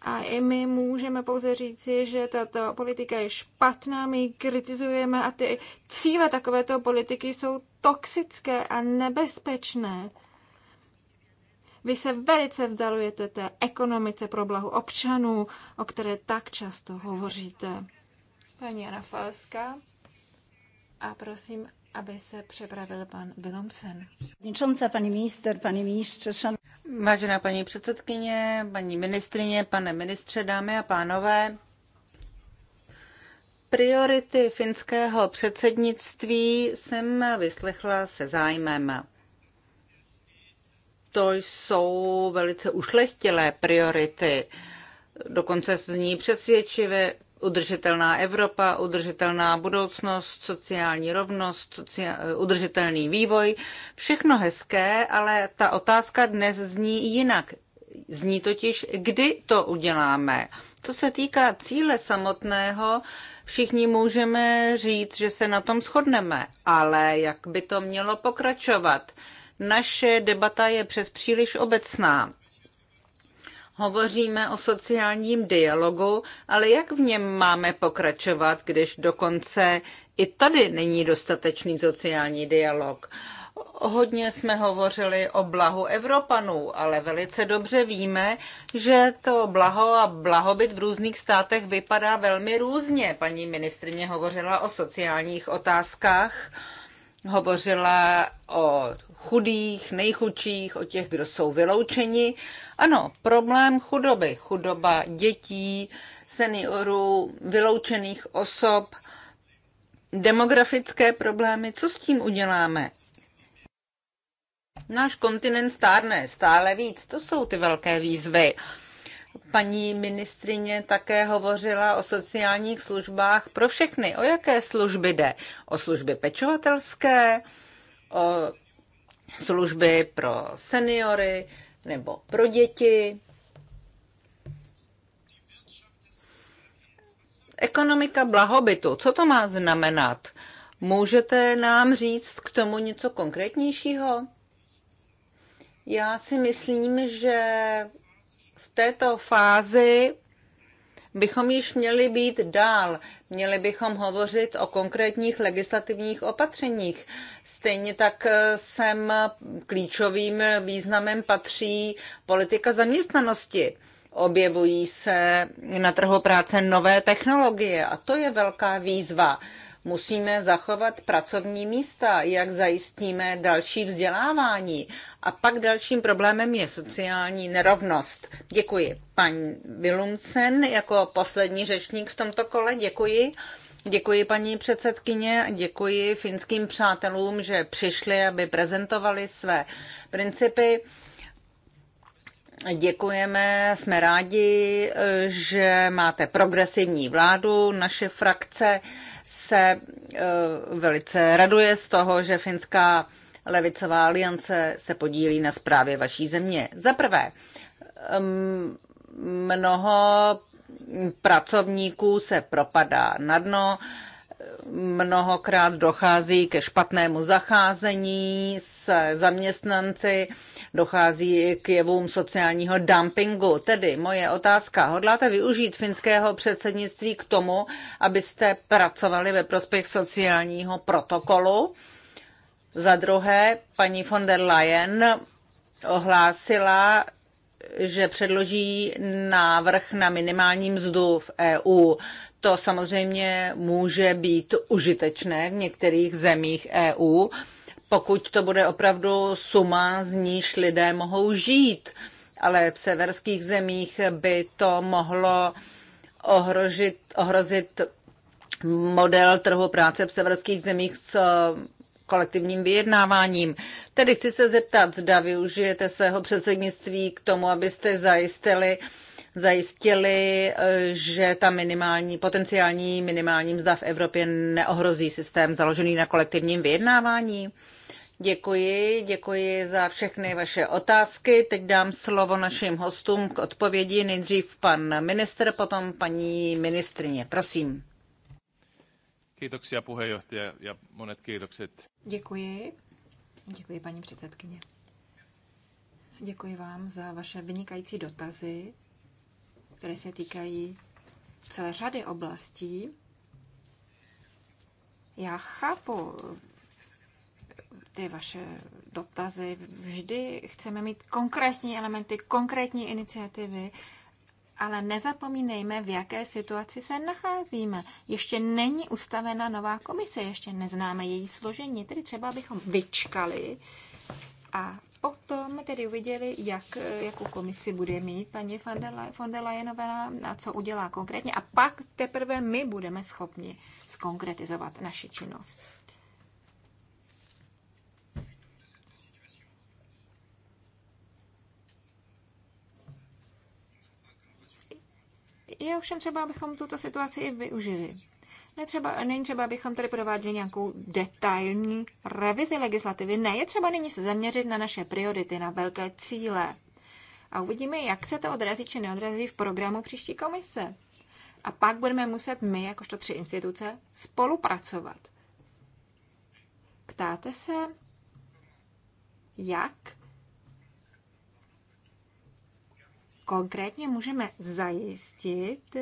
A i my můžeme pouze říci, že tato politika je špatná, my ji kritizujeme a ty cíle takovéto politiky jsou toxické a nebezpečné. Vy se velice vzdalujete té ekonomice pro blahu občanů, o které tak často hovoříte paní Jana Falska a prosím, aby se přepravil pan Vilomsen.
paní minister, paní ministře, šan... Vážená paní předsedkyně, paní ministrině, pane ministře, dámy a pánové, Priority finského předsednictví jsem vyslechla se zájmem. To jsou velice ušlechtilé priority, dokonce zní přesvědčivě, udržitelná Evropa, udržitelná budoucnost, sociální rovnost, sociál, eh, udržitelný vývoj. Všechno hezké, ale ta otázka dnes zní jinak. Zní totiž, kdy to uděláme. Co se týká cíle samotného, všichni můžeme říct, že se na tom shodneme, ale jak by to mělo pokračovat? Naše debata je přes příliš obecná. Hovoříme o sociálním dialogu, ale jak v něm máme pokračovat, když dokonce i tady není dostatečný sociální dialog? Hodně jsme hovořili o blahu Evropanů, ale velice dobře víme, že to blaho a blahobyt v různých státech vypadá velmi různě. Paní ministrině hovořila o sociálních otázkách, hovořila o chudých, nejchudších, o těch, kdo jsou vyloučeni. Ano, problém chudoby, chudoba dětí, seniorů, vyloučených osob, demografické problémy, co s tím uděláme? Náš kontinent stárne stále víc, to jsou ty velké výzvy. Paní ministrině také hovořila o sociálních službách pro všechny. O jaké služby jde? O služby pečovatelské, o služby pro seniory nebo pro děti. Ekonomika blahobytu, co to má znamenat? Můžete nám říct k tomu něco konkrétnějšího? Já si myslím, že v této fázi bychom již měli být dál. Měli bychom hovořit o konkrétních legislativních opatřeních. Stejně tak eh, sem klíčovým významem patří politika zaměstnanosti. Objevují se na trhu práce nové technologie a to je velká výzva. Musíme zachovat pracovní místa, jak zajistíme další vzdělávání. A pak dalším problémem je sociální nerovnost. Děkuji. Paní Vilumcen jako poslední řečník v tomto kole. Děkuji. Děkuji paní předsedkyně, děkuji finským přátelům, že přišli, aby prezentovali své principy. Děkujeme, jsme rádi, že máte progresivní vládu. Naše frakce se e, velice raduje z toho, že finská levicová aliance se podílí na zprávě vaší země. Za prvé, mnoho pracovníků se propadá na dno, mnohokrát dochází ke špatnému zacházení se zaměstnanci, dochází k jevům sociálního dumpingu. Tedy moje otázka, hodláte využít finského předsednictví k tomu, abyste pracovali ve prospěch sociálního protokolu? Za druhé, paní von der Leyen ohlásila, že předloží návrh na minimální mzdu v EU. To samozřejmě může být užitečné v některých zemích EU, pokud to bude opravdu suma, z níž lidé mohou žít. Ale v severských zemích by to mohlo ohrožit, ohrozit model trhu práce v severských zemích s eh, kolektivním vyjednáváním. Tedy chci se zeptat, zda využijete svého předsednictví k tomu, abyste zajistili, zajistili, eh, že ta minimální, potenciální minimální mzda v Evropě neohrozí systém založený na kolektivním vyjednávání? Děkuji, děkuji za všechny vaše otázky. Teď dám slovo našim hostům k odpovědi. Nejdřív pan minister, potom paní ministrině. Prosím. monet Děkuji. Děkuji, paní
předsedkyně. Děkuji vám za vaše vynikající dotazy, které se týkají celé řady oblastí. Já chápu ty vaše dotazy. Vždy chceme mít konkrétní elementy, konkrétní iniciativy, ale nezapomínejme, v jaké situaci se nacházíme. Ještě není ustavena nová komise, ještě neznáme její složení, tedy třeba bychom vyčkali a potom tedy uviděli, jak, jakou komisi bude mít paní von der Leyenová a co udělá konkrétně. A pak teprve my budeme schopni skonkretizovat naši činnost. Je ovšem třeba, abychom tuto situaci i využili. Netřeba, není třeba, abychom tady prováděli nějakou detailní revizi legislativy. Ne, je třeba nyní se zaměřit na naše priority, na velké cíle. A uvidíme, jak se to odrazí či neodrazí v programu příští komise. A pak budeme muset my, jakožto tři instituce, spolupracovat. Ptáte se, jak konkrétně můžeme zajistit,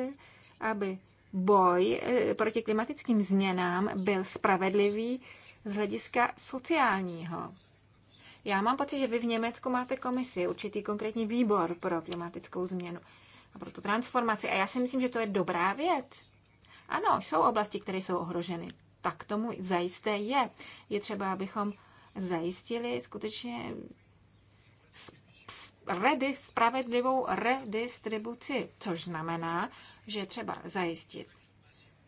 aby boj eh, proti klimatickým změnám byl spravedlivý z hlediska sociálního. Já mám pocit, že vy v Německu máte komisi, určitý konkrétní výbor pro klimatickou změnu a pro tu transformaci. A já si myslím, že to je dobrá věc. Ano, jsou oblasti, které jsou ohroženy. Tak tomu zajisté je. Je třeba, abychom zajistili skutečně redis, spravedlivou redistribuci, což znamená, že třeba zajistit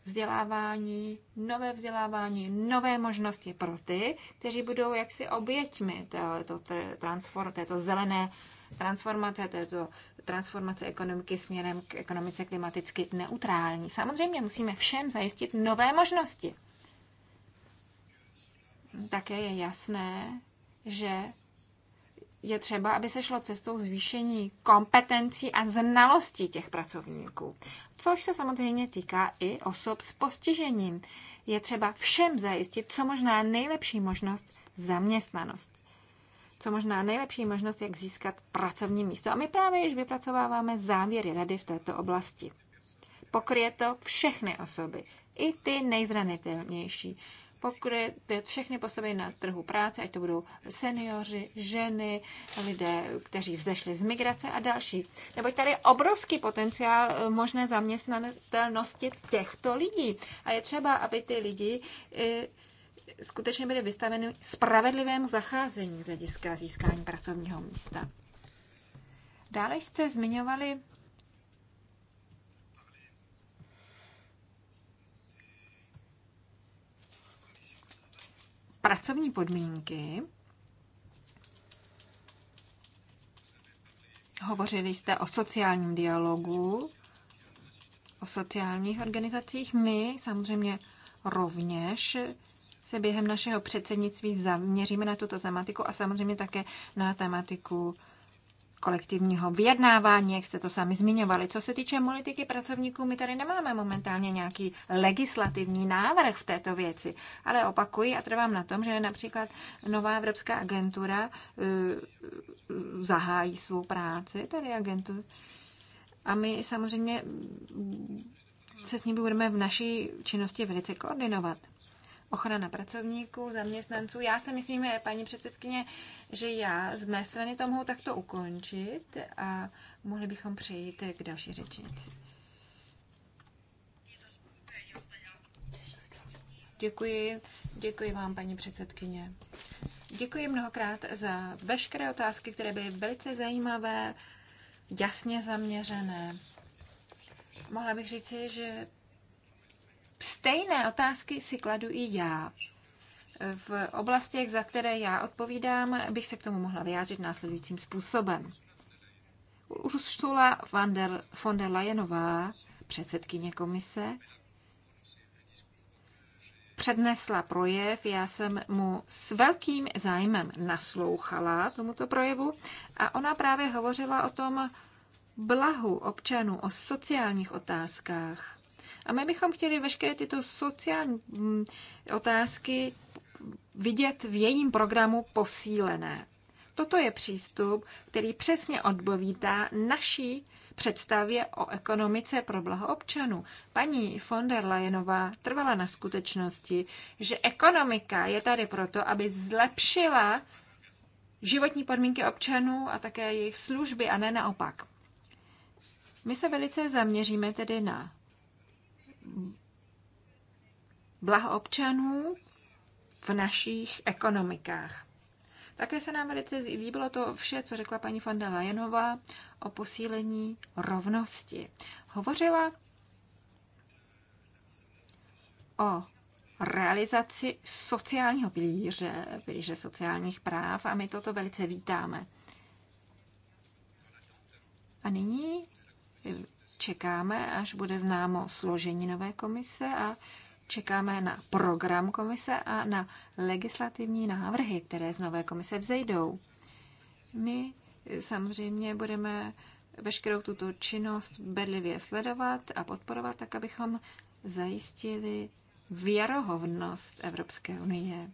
vzdělávání, nové vzdělávání, nové možnosti pro ty, kteří budou jaksi oběťmi této, transform, této zelené transformace, této transformace ekonomiky směrem k ekonomice klimaticky neutrální. Samozřejmě musíme všem zajistit nové možnosti. Také je jasné, že je třeba, aby se šlo cestou zvýšení kompetencí a znalostí těch pracovníků, což se samozřejmě týká i osob s postižením. Je třeba všem zajistit co možná nejlepší možnost zaměstnanost. Co možná nejlepší možnost, jak získat pracovní místo. A my právě již vypracováváme závěry rady v této oblasti. Pokryje to všechny osoby, i ty nejzranitelnější pokryt všechny posoby na trhu práce, ať to budou seniori, ženy, lidé, kteří vzešli z migrace a další. Neboť tady je obrovský potenciál eh, možné zaměstnatelnosti těchto lidí. A je třeba, aby ty lidi eh, skutečně byly vystaveny spravedlivému zacházení z hlediska získání pracovního místa. Dále jste zmiňovali pracovní podmínky. Hovořili jste o sociálním dialogu, o sociálních organizacích. My samozřejmě rovněž se během našeho předsednictví zaměříme na tuto tematiku a samozřejmě také na tematiku kolektivního vyjednávání, jak jste to sami zmiňovali. Co se týče politiky pracovníků, my tady nemáme momentálně nějaký legislativní návrh v této věci, ale opakuji a trvám na tom, že například nová Evropská agentura e, e, zahájí svou práci, tady agentur, a my samozřejmě se s ní budeme v naší činnosti velice koordinovat ochrana pracovníků, zaměstnanců. Já si myslím, eh, paní předsedkyně, že já z mé strany to mohu takto ukončit a mohli bychom přejít k další řečnici. Děkuji, děkuji vám, paní předsedkyně. Děkuji mnohokrát za veškeré otázky, které byly velice zajímavé, jasně zaměřené. Mohla bych říci, že Stejné otázky si kladu i já. V oblastech, za které já odpovídám, bych se k tomu mohla vyjádřit následujícím způsobem. Ursula von der, von der Leyenová, předsedkyně komise, přednesla projev, já jsem mu s velkým zájmem naslouchala tomuto projevu a ona právě hovořila o tom blahu občanů, o sociálních otázkách. A my bychom chtěli veškeré tyto sociální mm, otázky vidět v jejím programu posílené. Toto je přístup, který přesně odpovídá naší představě o ekonomice pro blaho občanů. Paní von der Leyenová trvala na skutečnosti, že ekonomika je tady proto, aby zlepšila životní podmínky občanů a také jejich služby a ne naopak. My se velice zaměříme tedy na blaho občanů v našich ekonomikách. Také se nám velice líbilo to vše, co řekla paní von der Leyenová o posílení rovnosti. Hovořila o realizaci sociálního pilíře, pilíře sociálních práv a my toto velice vítáme. A nyní Čekáme, až bude známo složení nové komise a čekáme na program komise a na legislativní návrhy, které z nové komise vzejdou. My samozřejmě budeme veškerou tuto činnost bedlivě sledovat a podporovat, tak abychom zajistili věrohovnost Evropské unie.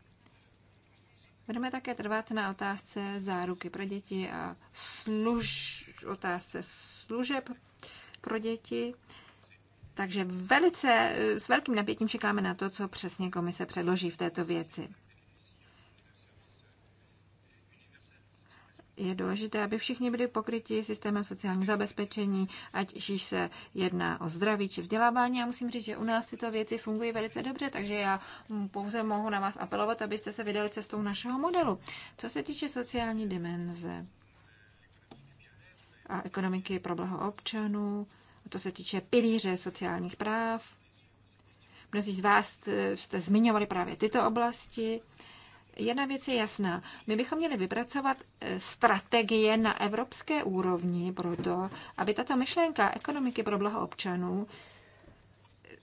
Budeme také trvat na otázce záruky pro děti a služ, otázce služeb pro děti. Takže velice, eh, s velkým napětím čekáme na to, co přesně komise předloží v této věci. je důležité, aby všichni byli pokryti systémem sociálního zabezpečení, ať již se jedná o zdraví či vzdělávání. Já musím říct, že u nás tyto věci fungují velice dobře, takže já mm, pouze mohu na vás apelovat, abyste se vydali cestou našeho modelu. Co se týče sociální dimenze, a ekonomiky pro blaho občanů, a to se týče pilíře sociálních práv. Mnozí z vás jste zmiňovali právě tyto oblasti. Jedna věc je jasná. My bychom měli vypracovat e, strategie na evropské úrovni pro to, aby tato myšlenka ekonomiky pro blaho občanů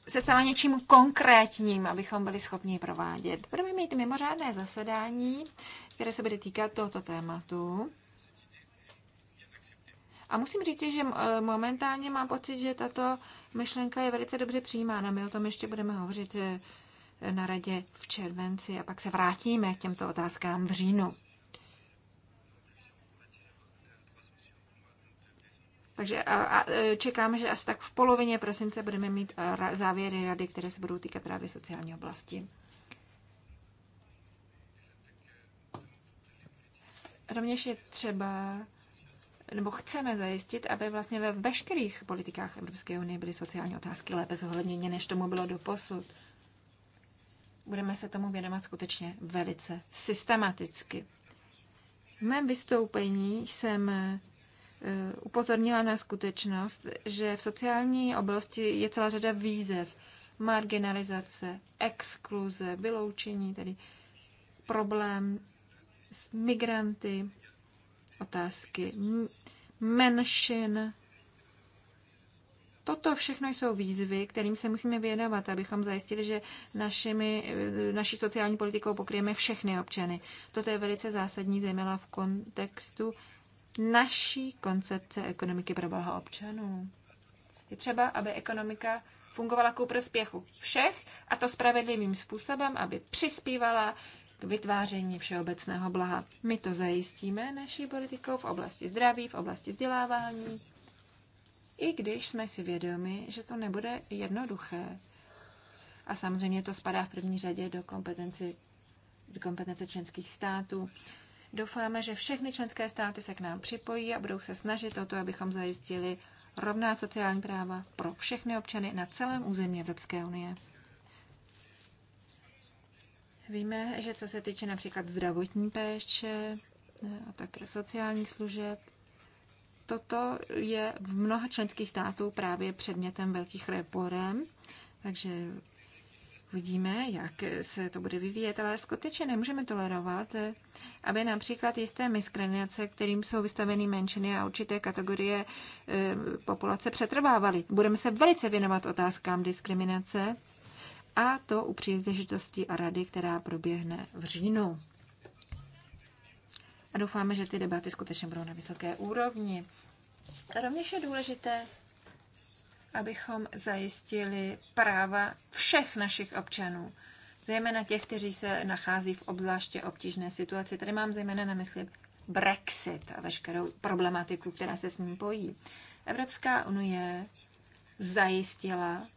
se stala něčím konkrétním, abychom byli schopni provádět. Budeme mít mimořádné zasedání, které se bude týkat tohoto tématu. A musím říct, že eh, momentálně mám pocit, že tato myšlenka je velice dobře přijímána. My o tom ještě budeme hovořit eh, na radě v červenci a pak se vrátíme k těmto otázkám v říjnu. Takže a, a, eh, čekám, že asi tak v polovině prosince budeme mít ra, závěry rady, které se budou týkat právě sociální oblasti. Rovněž je třeba nebo chceme zajistit, aby vlastně ve veškerých politikách Evropské unie byly sociální otázky lépe zohledněny, než tomu bylo do posud. Budeme se tomu věnovat skutečně velice systematicky. V mém vystoupení jsem e, upozornila na skutečnost, že v sociální oblasti je celá řada výzev, marginalizace, exkluze, vyloučení, tedy problém s migranty, otázky menšin. Toto všechno jsou výzvy, kterým se musíme věnovat, abychom zajistili, že našimi, naší sociální politikou pokryjeme všechny občany. Toto je velice zásadní, zejména v kontextu naší koncepce ekonomiky pro blaho občanů. Je třeba, aby ekonomika fungovala ku prospěchu všech a to spravedlivým způsobem, aby přispívala k vytváření všeobecného blaha. My to zajistíme naší politikou v oblasti zdraví, v oblasti vzdělávání, i když jsme si vědomi, že to nebude jednoduché. A samozřejmě to spadá v první řadě do kompetenci, do kompetence členských států. Doufáme, že všechny členské státy se k nám připojí a budou se snažit o to, abychom zajistili rovná sociální práva pro všechny občany na celém území Evropské unie. Víme, že co se týče například zdravotní péče eh, a také sociálních služeb, toto je v mnoha členských států právě předmětem velkých reform, takže Uvidíme, jak se to bude vyvíjet, ale skutečně nemůžeme tolerovat, eh, aby například jisté miskrenace, kterým jsou vystaveny menšiny a určité kategorie eh, populace, přetrvávaly. Budeme se velice věnovat otázkám diskriminace a to u příležitosti a rady, která proběhne v říjnu. A doufáme, že ty debaty skutečně budou na vysoké úrovni. A rovněž je důležité, abychom zajistili práva všech našich občanů, zejména těch, kteří se nachází v obzvláště obtížné situaci. Tady mám zejména na mysli Brexit a veškerou problematiku, která se s ním pojí. Evropská unie zajistila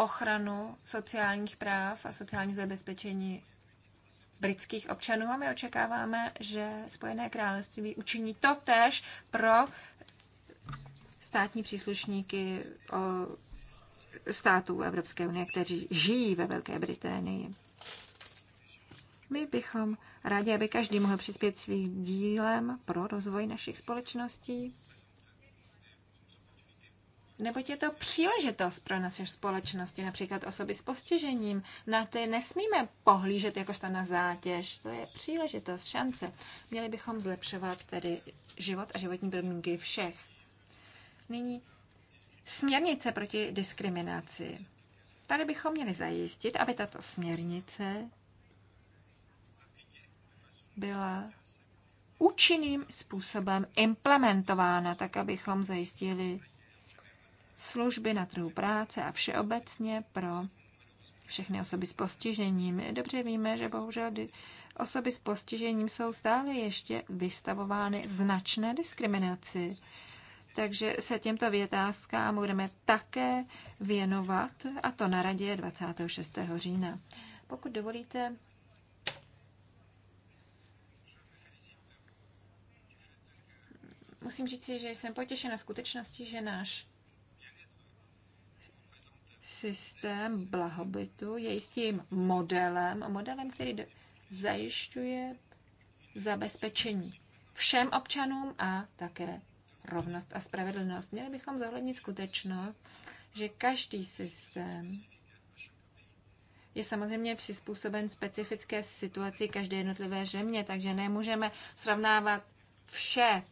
ochranu sociálních práv a sociální zabezpečení britských občanů a my očekáváme, že Spojené království učiní to tež pro státní příslušníky států Evropské unie, kteří žijí ve Velké Británii. My bychom rádi, aby každý mohl přispět svým dílem pro rozvoj našich společností neboť je to příležitost pro naše společnosti, například osoby s postižením. Na ty nesmíme pohlížet jakožto na zátěž, to je příležitost, šance. Měli bychom zlepšovat tedy život a životní podmínky všech. Nyní směrnice proti diskriminaci. Tady bychom měli zajistit, aby tato směrnice byla účinným způsobem implementována, tak abychom zajistili služby na trhu práce a všeobecně pro všechny osoby s postižením. Dobře víme, že bohužel osoby s postižením jsou stále ještě vystavovány značné diskriminaci. Takže se těmto větázkám budeme také věnovat, a to na radě 26. října. Pokud dovolíte, musím říci, že jsem potěšena skutečností, že náš systém blahobytu je jistým modelem, modelem, který zajišťuje zabezpečení všem občanům a také rovnost a spravedlnost. Měli bychom zohlednit skutečnost, že každý systém je samozřejmě přizpůsoben specifické situaci každé jednotlivé země, takže nemůžeme srovnávat vše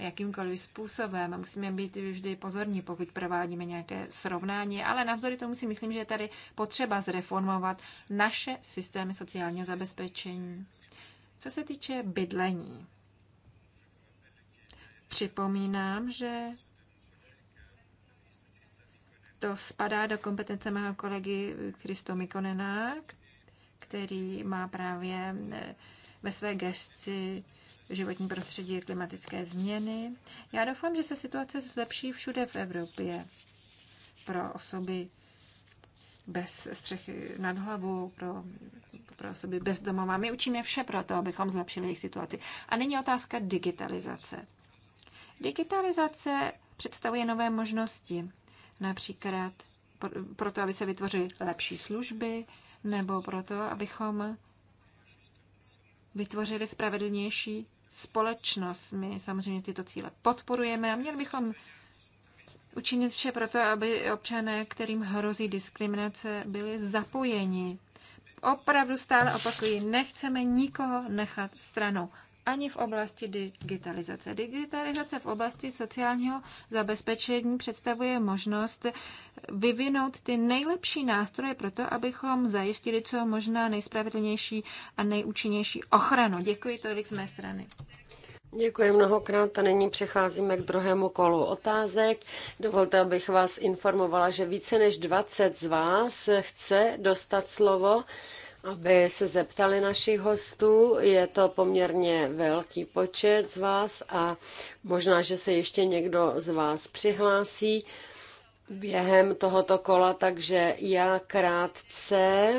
jakýmkoliv způsobem. Musíme být vždy pozorní, pokud provádíme nějaké srovnání, ale navzory tomu si myslím, že je tady potřeba zreformovat naše systémy sociálního zabezpečení. Co se týče bydlení, připomínám, že to spadá do kompetence mého kolegy Kristo Mikonena, který má právě eh, ve své gesti životní prostředí a klimatické změny. Já doufám, že se situace zlepší všude v Evropě pro osoby bez střechy nad hlavou, pro, pro osoby bez domova. My učíme vše pro to, abychom zlepšili jejich situaci. A není otázka digitalizace. Digitalizace představuje nové možnosti, například proto, aby se vytvořily lepší služby, nebo proto, abychom vytvořili spravedlnější společnost. My samozřejmě tyto cíle podporujeme a měli bychom učinit vše pro to, aby občané, kterým hrozí diskriminace, byli zapojeni. Opravdu stále opakuji, nechceme nikoho nechat stranou ani v oblasti digitalizace. Digitalizace v oblasti sociálního zabezpečení představuje možnost vyvinout ty nejlepší nástroje pro to, abychom zajistili co možná nejspravedlnější a nejúčinnější ochranu. Děkuji tolik z mé strany.
Děkuji mnohokrát a nyní přecházíme k druhému kolu otázek. Dovolte, abych vás informovala, že více než 20 z vás chce dostat slovo aby se zeptali našich hostů. Je to poměrně velký počet z vás a možná, že se ještě někdo z vás přihlásí během tohoto kola, takže já krátce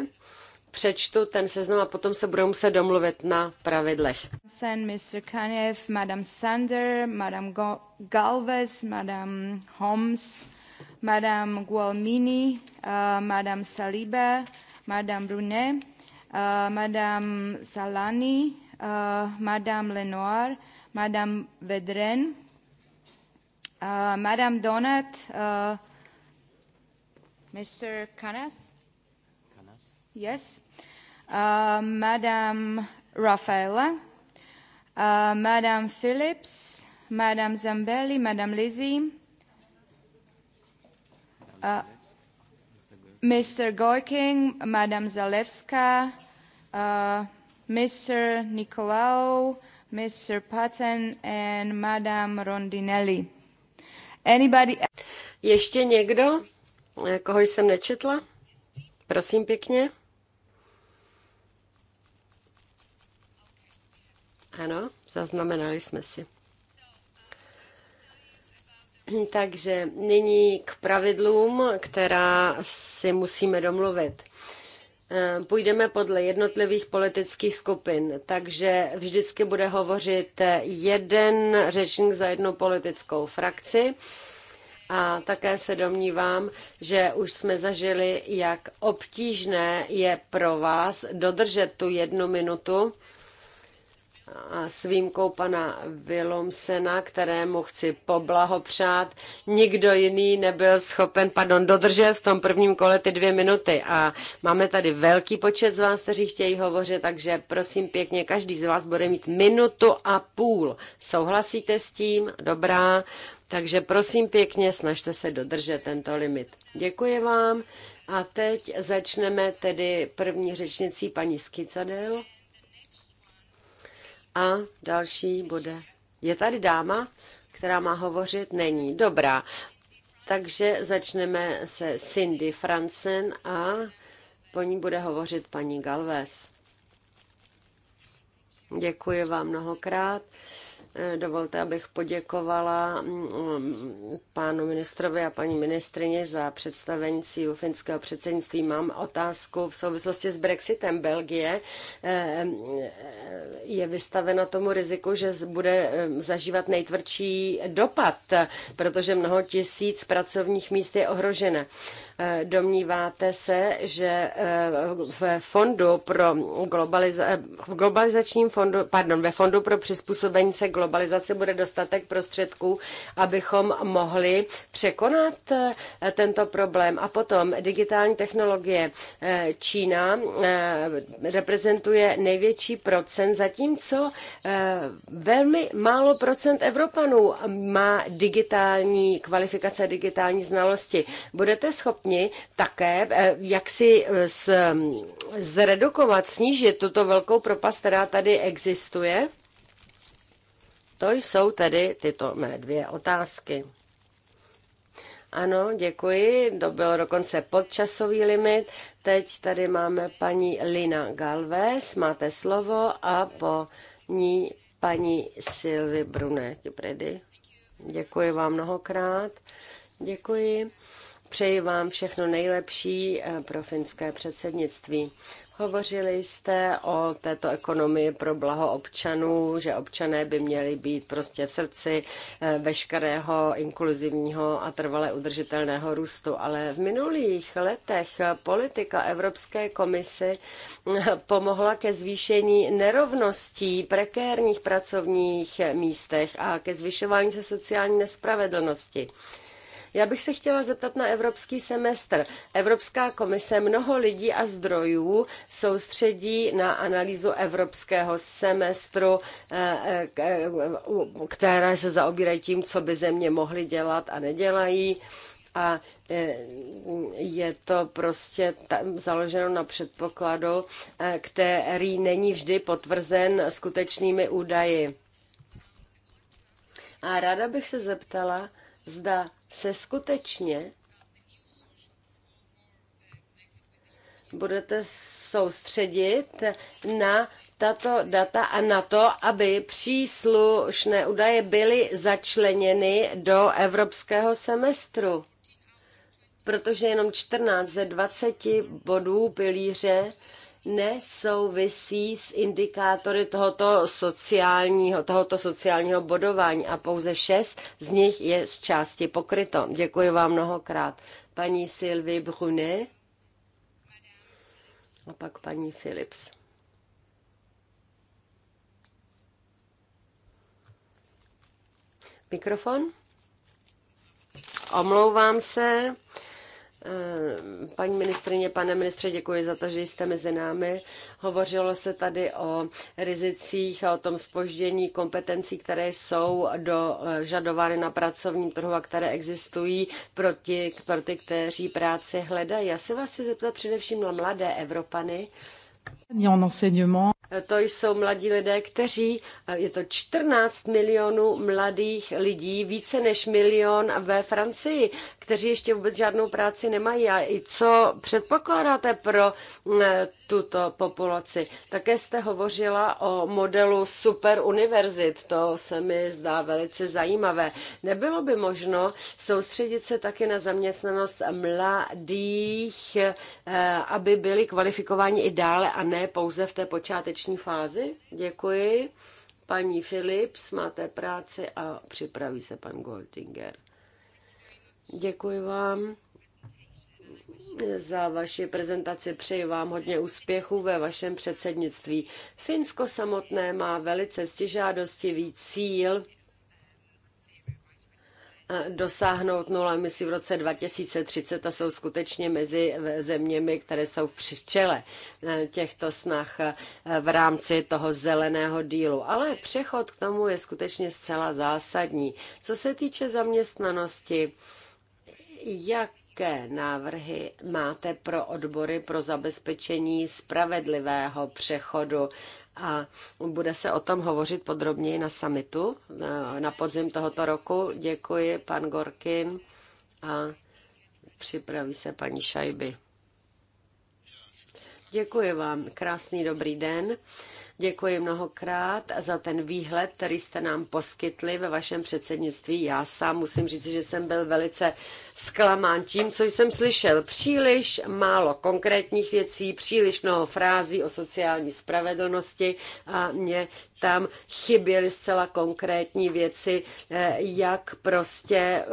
přečtu ten seznam a potom se budou muset domluvit na pravidlech.
Sen, Mr. Kanev, Madame Sander, Madame Galvez, Madame Holmes, Madame Gualmini, uh, Madame Saliba, Madame Brunet, uh, Madame Salani, uh, Madame Lenoir, Madame Vedren, uh, Madame Donat, uh, Mr. Canas? Canas? Yes. Uh, Madame Rafaela, uh, Madame Phillips, Madame Zambelli, Madame Lizzie, uh, Mr. Goiking, Madame Zalewska, Uh, Mr. Mr. and Madame Rondinelli.
Anybody... Ještě někdo, eh, koho jsem nečetla? Prosím pěkně. Ano, zaznamenali jsme si. Takže nyní k pravidlům, která si musíme domluvit. Eh, půjdeme podle jednotlivých politických skupin, takže vždycky bude hovořit eh, jeden řečník za jednu politickou frakci. A také se domnívám, že už jsme zažili, jak obtížné je pro vás dodržet tu jednu minutu s výjimkou pana Vilomsena, kterému chci poblahopřát. Nikdo jiný nebyl schopen, pardon, dodržet v tom prvním kole ty dvě minuty. A máme tady velký počet z vás, kteří chtějí hovořit, takže prosím pěkně, každý z vás bude mít minutu a půl. Souhlasíte s tím? Dobrá. Takže prosím pěkně, snažte se dodržet tento limit. Děkuji vám. A teď začneme tedy první řečnicí paní Skicadel. A další bude. Je tady dáma, která má hovořit? Není. Dobrá. Takže začneme se Cindy Fransen a po ní bude hovořit paní Galvez. Děkuji vám mnohokrát. Eh, dovolte, abych poděkovala mm, pánu ministrovi a paní ministrině za představení cílu finského předsednictví. Mám otázku v souvislosti s Brexitem. Belgie eh, je vystavena tomu riziku, že bude eh, zažívat nejtvrdší dopad, protože mnoho tisíc pracovních míst je ohrožena. Eh, domníváte se, že eh, v fondu pro globaliza- eh, v globalizačním fondu, pardon, ve fondu pro přizpůsobení se globalizaci bude dostatek prostředků, abychom mohli překonat tento problém. A potom digitální technologie. Čína reprezentuje největší procent, zatímco velmi málo procent Evropanů má digitální kvalifikace, digitální znalosti. Budete schopni schopni také eh, jak si eh, zredukovat, snížit tuto velkou propast, která tady existuje? To jsou tedy tyto mé dvě otázky. Ano, děkuji. To byl dokonce podčasový limit. Teď tady máme paní Lina Galves. Máte slovo a po ní paní Sylvie Brune. Děkuji vám mnohokrát. Děkuji. Přeji vám všechno nejlepší eh, pro finské předsednictví. Hovořili jste o této ekonomii pro blaho občanů, že občané by měli být prostě v srdci eh, veškerého inkluzivního a trvale udržitelného růstu, ale v minulých letech politika Evropské komise eh, pomohla ke zvýšení nerovností, prekérních pracovních místech a ke zvyšování se sociální nespravedlnosti. Já bych se chtěla zeptat na evropský semestr. Evropská komise mnoho lidí a zdrojů soustředí na analýzu evropského semestru, eh, eh, které se zaobírají tím, co by země mohly dělat a nedělají a eh, je to prostě založeno na předpokladu, který není vždy potvrzen skutečnými údaji. A ráda bych se zeptala, zda se skutečně budete soustředit na tato data a na to, aby příslušné údaje byly začleněny do evropského semestru. Protože jenom 14 ze 20 bodů pilíře nesouvisí s indikátory tohoto sociálního, tohoto sociálního bodování a pouze šest z nich je z části pokryto. Děkuji vám mnohokrát. Paní Sylvie Brunet a pak paní Philips. Mikrofon? Omlouvám se. Eh, paní ministrině, pane ministře, děkuji za to, že jste mezi námi. Hovořilo se tady o rizicích a o tom spoždění kompetencí, které jsou dožadovány eh, na pracovním trhu a které existují pro ty, pro ty kteří práci hledají. Já se vás chci zeptat především na mladé Evropany. Eh, to jsou mladí lidé, kteří, je to 14 milionů mladých lidí, více než milion ve Francii, kteří ještě vůbec žádnou práci nemají. A i co předpokládáte pro eh, tuto populaci? Také jste hovořila o modelu superuniverzit. To se mi zdá velice zajímavé. Nebylo by možno soustředit se taky na zaměstnanost mladých, eh, aby byli kvalifikováni i dále a ne pouze v té počáteční fázi? Děkuji. Paní Philips, máte práci a připraví se pan Goldinger. Děkuji vám za vaši prezentaci. Přeji vám hodně úspěchů ve vašem předsednictví. Finsko samotné má velice stěžádostivý cíl dosáhnout nula emisí v roce 2030 a jsou skutečně mezi zeměmi, které jsou v čele těchto snah v rámci toho zeleného dílu. Ale přechod k tomu je skutečně zcela zásadní. Co se týče zaměstnanosti, jaké návrhy máte pro odbory pro zabezpečení spravedlivého přechodu a bude se o tom hovořit podrobněji na samitu na podzim tohoto roku. Děkuji, pan Gorkin, a připraví se paní Šajby. Děkuji vám, krásný dobrý den. Děkuji mnohokrát za ten výhled, který jste nám poskytli ve vašem předsednictví. Já sám musím říct, že jsem byl velice zklamán tím, co jsem slyšel. Příliš málo konkrétních věcí, příliš mnoho frází o sociální spravedlnosti a mě tam chyběly zcela konkrétní věci, eh, jak prostě eh,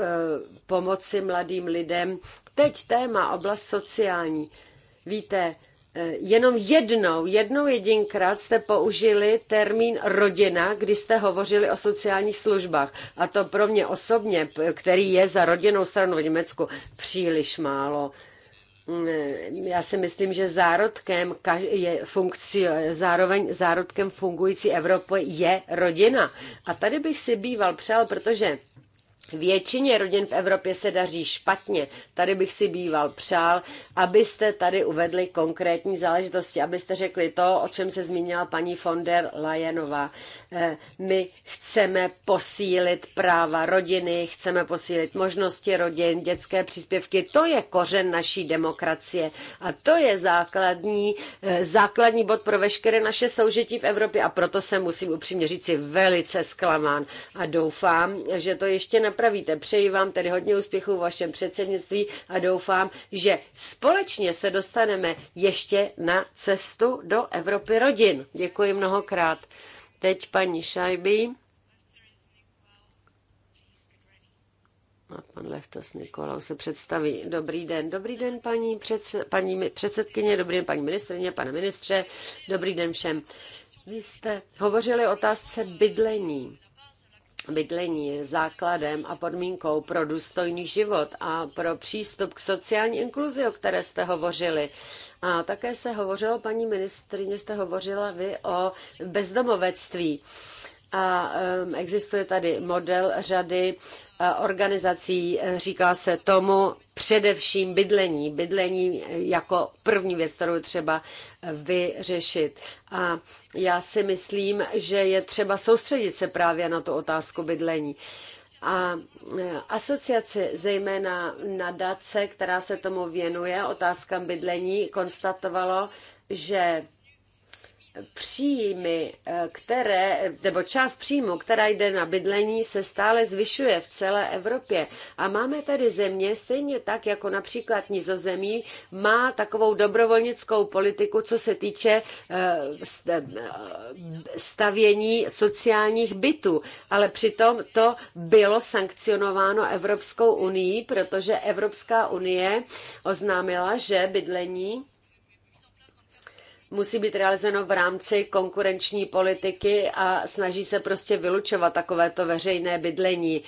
pomoci mladým lidem. Teď téma oblast sociální. Víte, Eh, jenom jednou, jednou jedinkrát jste použili termín rodina, kdy jste hovořili o sociálních službách. A to pro mě osobně, který je za rodinnou stranu v Německu, příliš málo. Mm, eh, já si myslím, že zárodkem je funkci, eh, zároveň zárodkem fungující Evropy je rodina. A tady bych si býval přál, protože Většině rodin v Evropě se daří špatně. Tady bych si býval přál, abyste tady uvedli konkrétní záležitosti, abyste řekli to, o čem se zmínila paní von der Leyenová. Eh, my chceme posílit práva rodiny, chceme posílit možnosti rodin, dětské příspěvky. To je kořen naší demokracie a to je základní, eh, základní bod pro veškeré naše soužití v Evropě a proto se musím upřímně říci velice zklamán a doufám, že to ještě ne napravíte. Přeji vám tedy hodně úspěchů v vašem předsednictví a doufám, že společně se dostaneme ještě na cestu do Evropy rodin. Děkuji mnohokrát. Teď paní Šajby. A pan Leftos Nikolau se představí. Dobrý den, dobrý den paní, předse, paní předsedkyně, dobrý den paní ministrině, pane ministře, dobrý den všem. Vy jste hovořili o otázce bydlení. Bydlení je základem a podmínkou pro důstojný život a pro přístup k sociální inkluzi, o které jste hovořili. A také se hovořilo, paní ministrině, jste hovořila vy o bezdomovectví. A existuje tady model řady e, organizací, říká se tomu především bydlení. Bydlení jako první věc, kterou třeba vyřešit. A já si myslím, že je třeba soustředit se právě na tu otázku bydlení. A e, asociace, zejména nadace, která se tomu věnuje, otázkám bydlení, konstatovalo, že příjmy, eh, které, nebo část příjmu, která jde na bydlení, se stále zvyšuje v celé Evropě. A máme tady země, stejně tak jako například Nizozemí, má takovou dobrovolnickou politiku, co se týče eh, eh, stavění sociálních bytů. Ale přitom to bylo sankcionováno Evropskou unii, protože Evropská unie oznámila, že bydlení musí být realizováno v rámci konkurenční politiky a snaží se prostě vylučovat takovéto veřejné bydlení.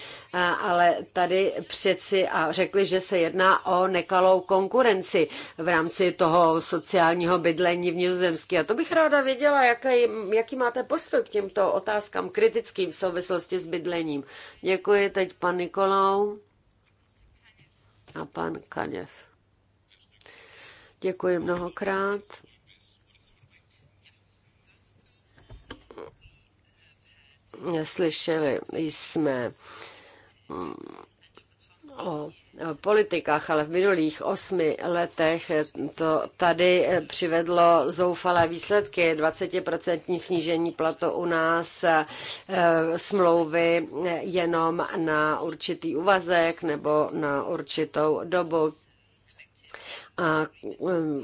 Ale tady přeci a řekli, že se jedná o nekalou konkurenci v rámci toho sociálního bydlení v Nizozemsku. A to bych ráda věděla, jaký, jaký máte postoj k těmto otázkám kritickým v souvislosti s bydlením. Děkuji teď pan Nikolau a pan Kaněv. Děkuji mnohokrát. Slyšeli jsme mm, o politikách, ale v minulých osmi letech to tady přivedlo zoufalé výsledky. 20% snížení plato u nás, e, smlouvy jenom na určitý uvazek nebo na určitou dobu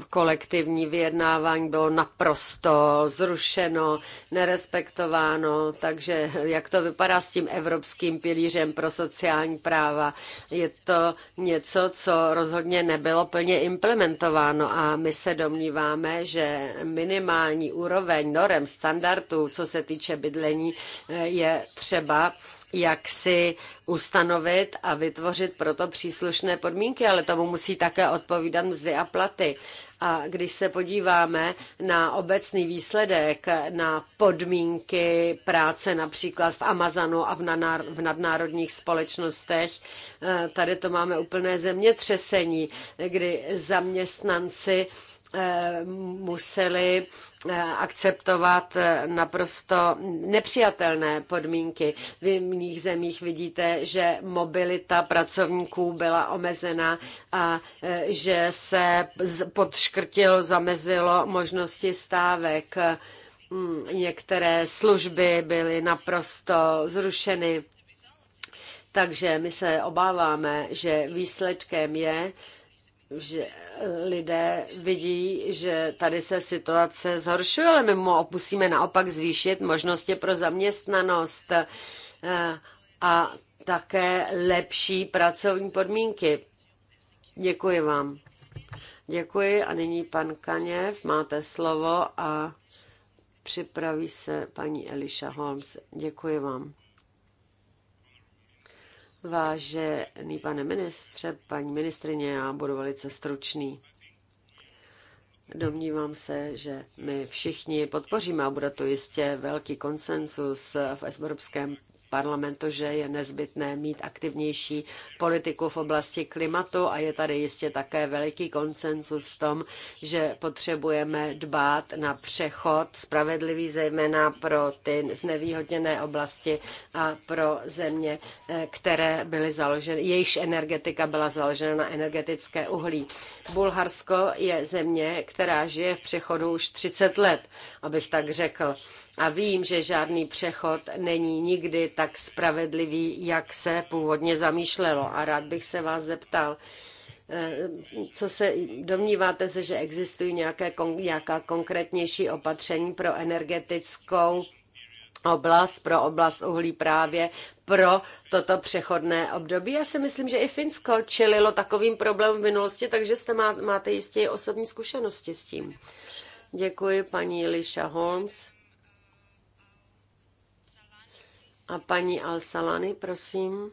kolektivní vyjednávání bylo naprosto zrušeno, nerespektováno, takže jak to vypadá s tím evropským pilířem pro sociální práva, je to něco, co rozhodně nebylo plně implementováno a my se domníváme, že minimální úroveň norem standardů, co se týče bydlení, je třeba jak si ustanovit a vytvořit proto příslušné podmínky, ale tomu musí také odpovídat mzdy a platy. A když se podíváme na obecný výsledek, na podmínky práce například v Amazonu a v, nadnárodních společnostech, eh, tady to máme úplné zemětřesení, kdy zaměstnanci Eh, museli eh, akceptovat eh, naprosto nepřijatelné podmínky. V jiných zemích vidíte, že mobilita pracovníků byla omezena a že se podškrtilo, zamezilo možnosti stávek. Mm, některé služby byly naprosto zrušeny. Takže my se obáváme, že výsledkem je, že eh, lidé vidí, že tady se situace zhoršuje, ale my musíme naopak zvýšit možnosti pro zaměstnanost eh, a také lepší pracovní podmínky. Děkuji vám. Děkuji a nyní pan Kaněv, máte slovo a připraví se paní Eliša Holmes. Děkuji vám. Vážený pane ministře, paní ministrině, já budu velice stručný. Domnívám se, že my všichni podpoříme a bude to jistě velký konsensus v Evropském parlamentu, že je nezbytné mít aktivnější politiku v oblasti klimatu a je tady jistě také veliký konsensus v tom, že potřebujeme dbát na přechod spravedlivý zejména pro ty znevýhodněné oblasti a pro země, eh, které byly založeny, jejichž energetika byla založena na energetické uhlí. Bulharsko je země, která žije v přechodu už 30 let, abych tak řekl a vím, že žádný přechod není nikdy tak spravedlivý, jak se původně zamýšlelo. A rád bych se vás zeptal, eh, co se domníváte se, že existují nějaké, nějaká konkrétnější opatření pro energetickou oblast, pro oblast uhlí právě pro toto přechodné období. Já si myslím, že i Finsko čelilo takovým problémům v minulosti, takže jste má, máte jistě i osobní zkušenosti s tím. Děkuji, paní Liša Holmes. A paní Alsalany, prosím.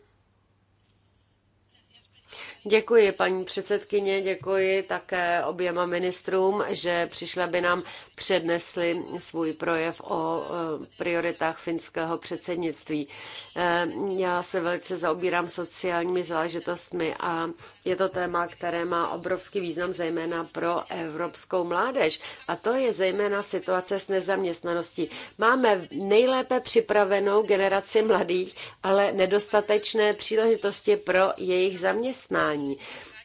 Děkuji, paní předsedkyně, děkuji také oběma ministrům, že přišla by nám přednesli svůj projev o e, prioritách finského předsednictví. E, já se velice zaobírám sociálními záležitostmi a je to téma, které má obrovský význam zejména pro evropskou mládež. A to je zejména situace s nezaměstnaností. Máme nejlépe připravenou generaci mladých, ale nedostatečné příležitosti pro jejich zaměstnání.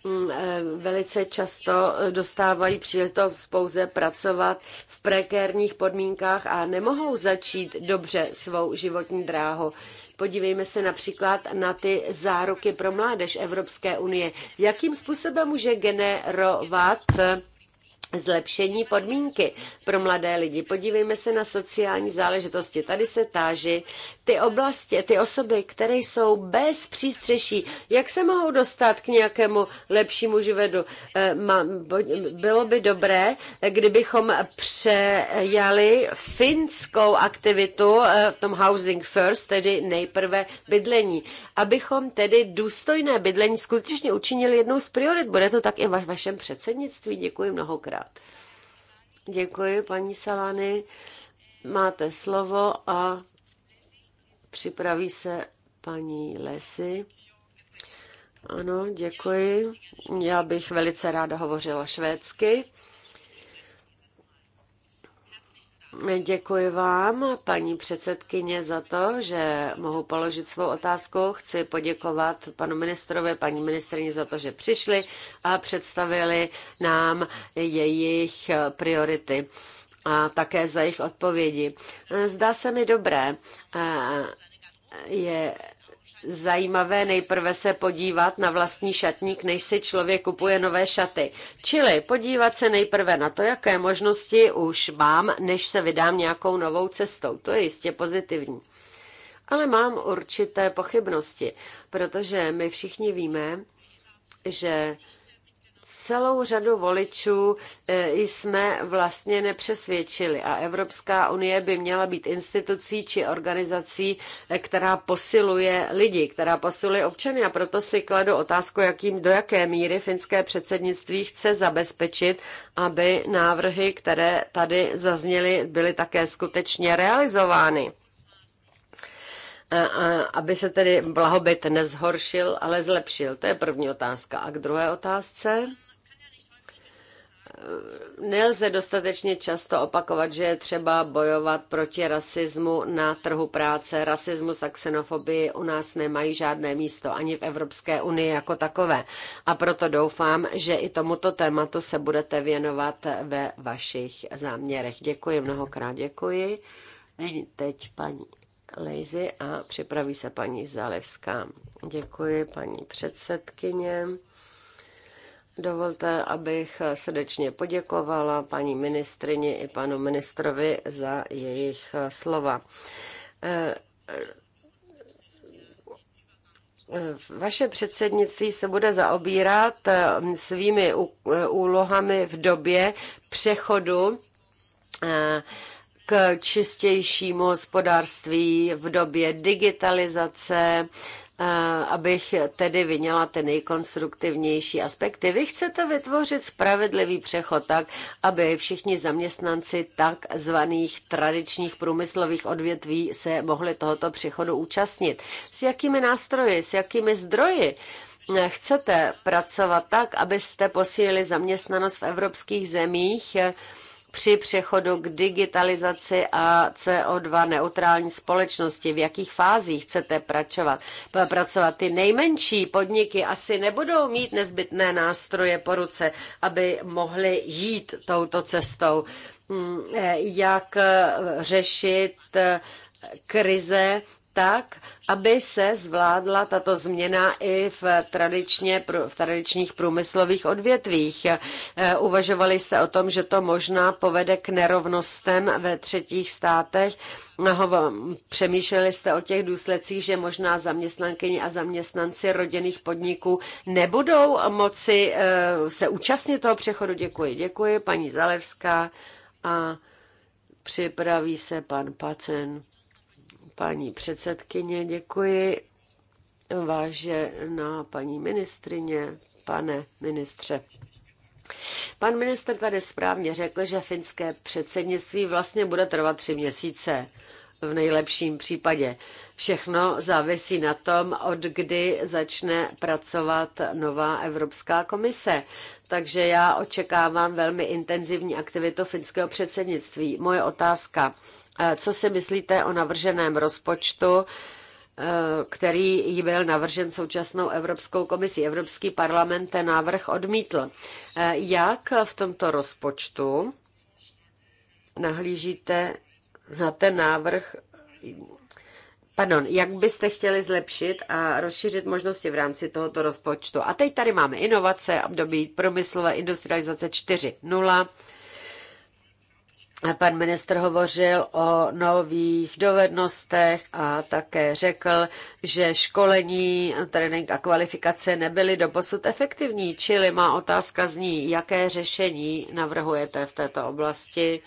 Mm, eh, velice často dostávají příležitost pouze pracovat v prekérních podmínkách a nemohou začít dobře svou životní dráhu. Podívejme se například na ty záruky pro mládež Evropské unie. Jakým způsobem může generovat zlepšení podmínky pro mladé lidi. Podívejme se na sociální záležitosti. Tady se táží ty oblasti, ty osoby, které jsou bez přístřeší, jak se mohou dostat k nějakému lepšímu živedu. Eh, bylo by dobré, kdybychom přejali finskou aktivitu eh, v tom Housing First, tedy nejprve bydlení. Abychom tedy důstojné bydlení skutečně učinili jednou z priorit. Bude to tak i ve vašem předsednictví. Děkuji mnohokrát mnohokrát. Děkuji, paní Salany. Máte slovo a připraví se paní Lesy. Ano, děkuji. Já bych velice ráda hovořila švédsky. Děkuji vám, paní předsedkyně, za to, že mohu položit svou otázku. Chci poděkovat panu ministrovi, paní ministrině za to, že přišli a představili nám jejich priority a také za jejich odpovědi. Zdá se mi dobré, eh, je zajímavé nejprve se podívat na vlastní šatník, než si člověk kupuje nové šaty. Čili podívat se nejprve na to, jaké možnosti už mám, než se vydám nějakou novou cestou. To je jistě pozitivní. Ale mám určité pochybnosti, protože my všichni víme, že celou řadu voličů e, jsme vlastně nepřesvědčili a Evropská unie by měla být institucí či organizací, e, která posiluje lidi, která posiluje občany a proto si kladu otázku, jakým, do jaké míry finské předsednictví chce zabezpečit, aby návrhy, které tady zazněly, byly také skutečně realizovány aby se tedy blahobyt nezhoršil, ale zlepšil? To je první otázka. A k druhé otázce? Nelze dostatečně často opakovat, že je třeba bojovat proti rasismu na trhu práce. Rasismus a xenofobii u nás nemají žádné místo, ani v Evropské unii jako takové. A proto doufám, že i tomuto tématu se budete věnovat ve vašich záměrech. Děkuji mnohokrát, děkuji. Teď paní Lejzy a připraví se paní Zálevská. Děkuji paní předsedkyně. Dovolte, abych srdečně poděkovala paní ministrině i panu ministrovi za jejich slova. Vaše předsednictví se bude zaobírat svými úlohami v době přechodu k čistějšímu hospodářství v době digitalizace, eh, abych tedy vyněla ty nejkonstruktivnější aspekty. Vy chcete vytvořit spravedlivý přechod tak, aby všichni zaměstnanci tak zvaných tradičních průmyslových odvětví se mohli tohoto přechodu účastnit. S jakými nástroji, s jakými zdroji? Chcete pracovat tak, abyste posílili zaměstnanost v evropských zemích, při přechodu k digitalizaci a CO2 neutrální společnosti, v jakých fázích chcete pracovat. pracovat. Ty nejmenší podniky asi nebudou mít nezbytné nástroje po ruce, aby mohly jít touto cestou. Hmm, eh, jak eh, řešit eh, krize tak, aby se zvládla tato změna i v, tradičně, v tradičních průmyslových odvětvích. Eh, uvažovali jste o tom, že to možná povede k nerovnostem ve třetích státech. Přemýšleli jste o těch důsledcích, že možná zaměstnankyni a zaměstnanci rodinných podniků nebudou moci eh, se účastnit toho přechodu. Děkuji, děkuji, paní Zalevská. A připraví se pan Pacen Paní předsedkyně, děkuji. Vážená paní ministrině, pane ministře. Pan minister tady správně řekl, že finské předsednictví vlastně bude trvat tři měsíce v nejlepším případě. Všechno závisí na tom, od kdy začne pracovat nová Evropská komise. Takže já očekávám velmi intenzivní aktivitu finského předsednictví. Moje otázka. Co si myslíte o navrženém rozpočtu? E, který jí byl navržen současnou Evropskou komisí. Evropský parlament ten návrh odmítl. E, jak v tomto rozpočtu nahlížíte na ten návrh, pardon, jak byste chtěli zlepšit a rozšířit možnosti v rámci tohoto rozpočtu? A teď tady máme inovace, období průmyslové industrializace 4.0 Pan ministr hovořil o nových dovednostech a také řekl, že školení, trénink a kvalifikace nebyly doposud efektivní, čili má otázka zní, jaké řešení navrhujete v této oblasti,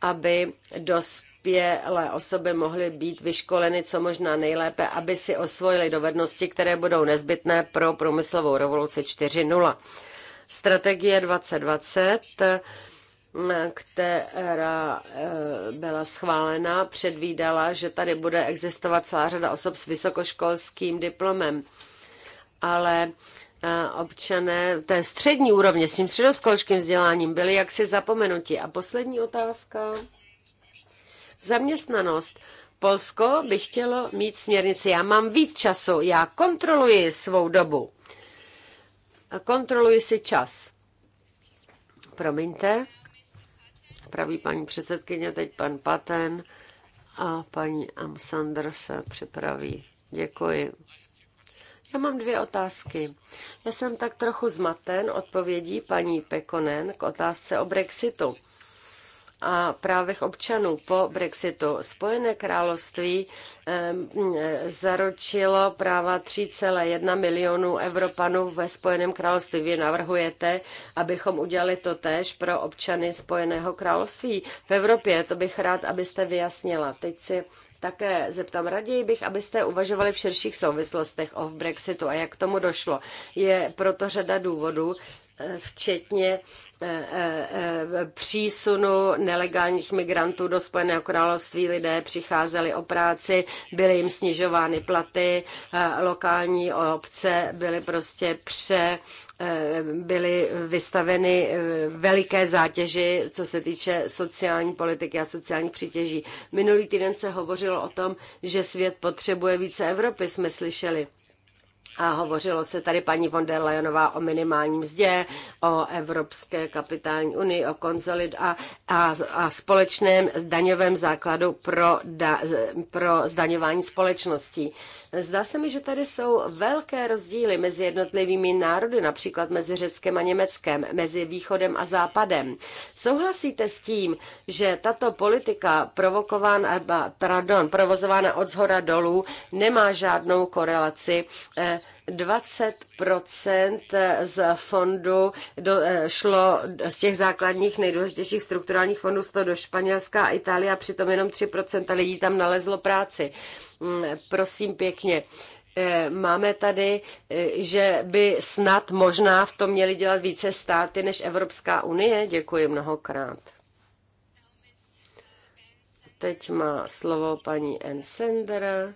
aby dospělé osoby mohly být vyškoleny co možná nejlépe, aby si osvojili dovednosti, které budou nezbytné pro průmyslovou revoluci 4.0. Strategie 2020 která eh, byla schválena, předvídala, že tady bude existovat celá řada osob s vysokoškolským diplomem. Ale eh, občané té střední úrovně s tím středoškolským vzděláním byli jaksi zapomenuti. A poslední otázka. Zaměstnanost. Polsko by chtělo mít směrnici. Já mám víc času, já kontroluji svou dobu. Kontroluji si čas. Promiňte připraví paní předsedkyně, teď pan Paten a paní Amsander se připraví. Děkuji. Já mám dvě otázky. Já jsem tak trochu zmaten odpovědí paní Pekonen k otázce o Brexitu a právech občanů po Brexitu. Spojené království zaručilo práva 3,1 milionů Evropanů ve Spojeném království. Vy navrhujete, abychom udělali to též pro občany Spojeného království v Evropě. To bych rád, abyste vyjasnila. Teď si také zeptám, raději bych, abyste uvažovali v širších souvislostech o Brexitu a jak k tomu došlo. Je proto řada důvodů, včetně eh, eh, eh, přísunu nelegálních migrantů do Spojeného království. Lidé přicházeli o práci, byly jim snižovány platy, lokální obce byly prostě pře byly vystaveny veliké zátěži, co se týče sociální politiky a sociálních přítěží. Minulý týden se hovořilo o tom, že svět potřebuje více Evropy, jsme slyšeli. A hovořilo se tady paní von der Leyenová o minimální mzdě, o Evropské kapitální unii, o konsolidaci a, a, a společném daňovém základu pro, da, pro zdaňování společností. Zdá se mi, že tady jsou velké rozdíly mezi jednotlivými národy, například mezi Řeckem a Německem, mezi Východem a Západem. Souhlasíte s tím, že tato politika provokována, pardon, provozována od zhora dolů nemá žádnou korelaci eh, 20 z fondu do, eh, šlo z těch základních nejdůležitějších strukturálních fondů šlo do Španělska a Itálie a přitom jenom 3 lidí tam nalezlo práci. Mm, prosím pěkně eh, máme tady, eh, že by snad možná v tom měly dělat více státy než Evropská unie. Děkuji mnohokrát. Teď má slovo paní Ensender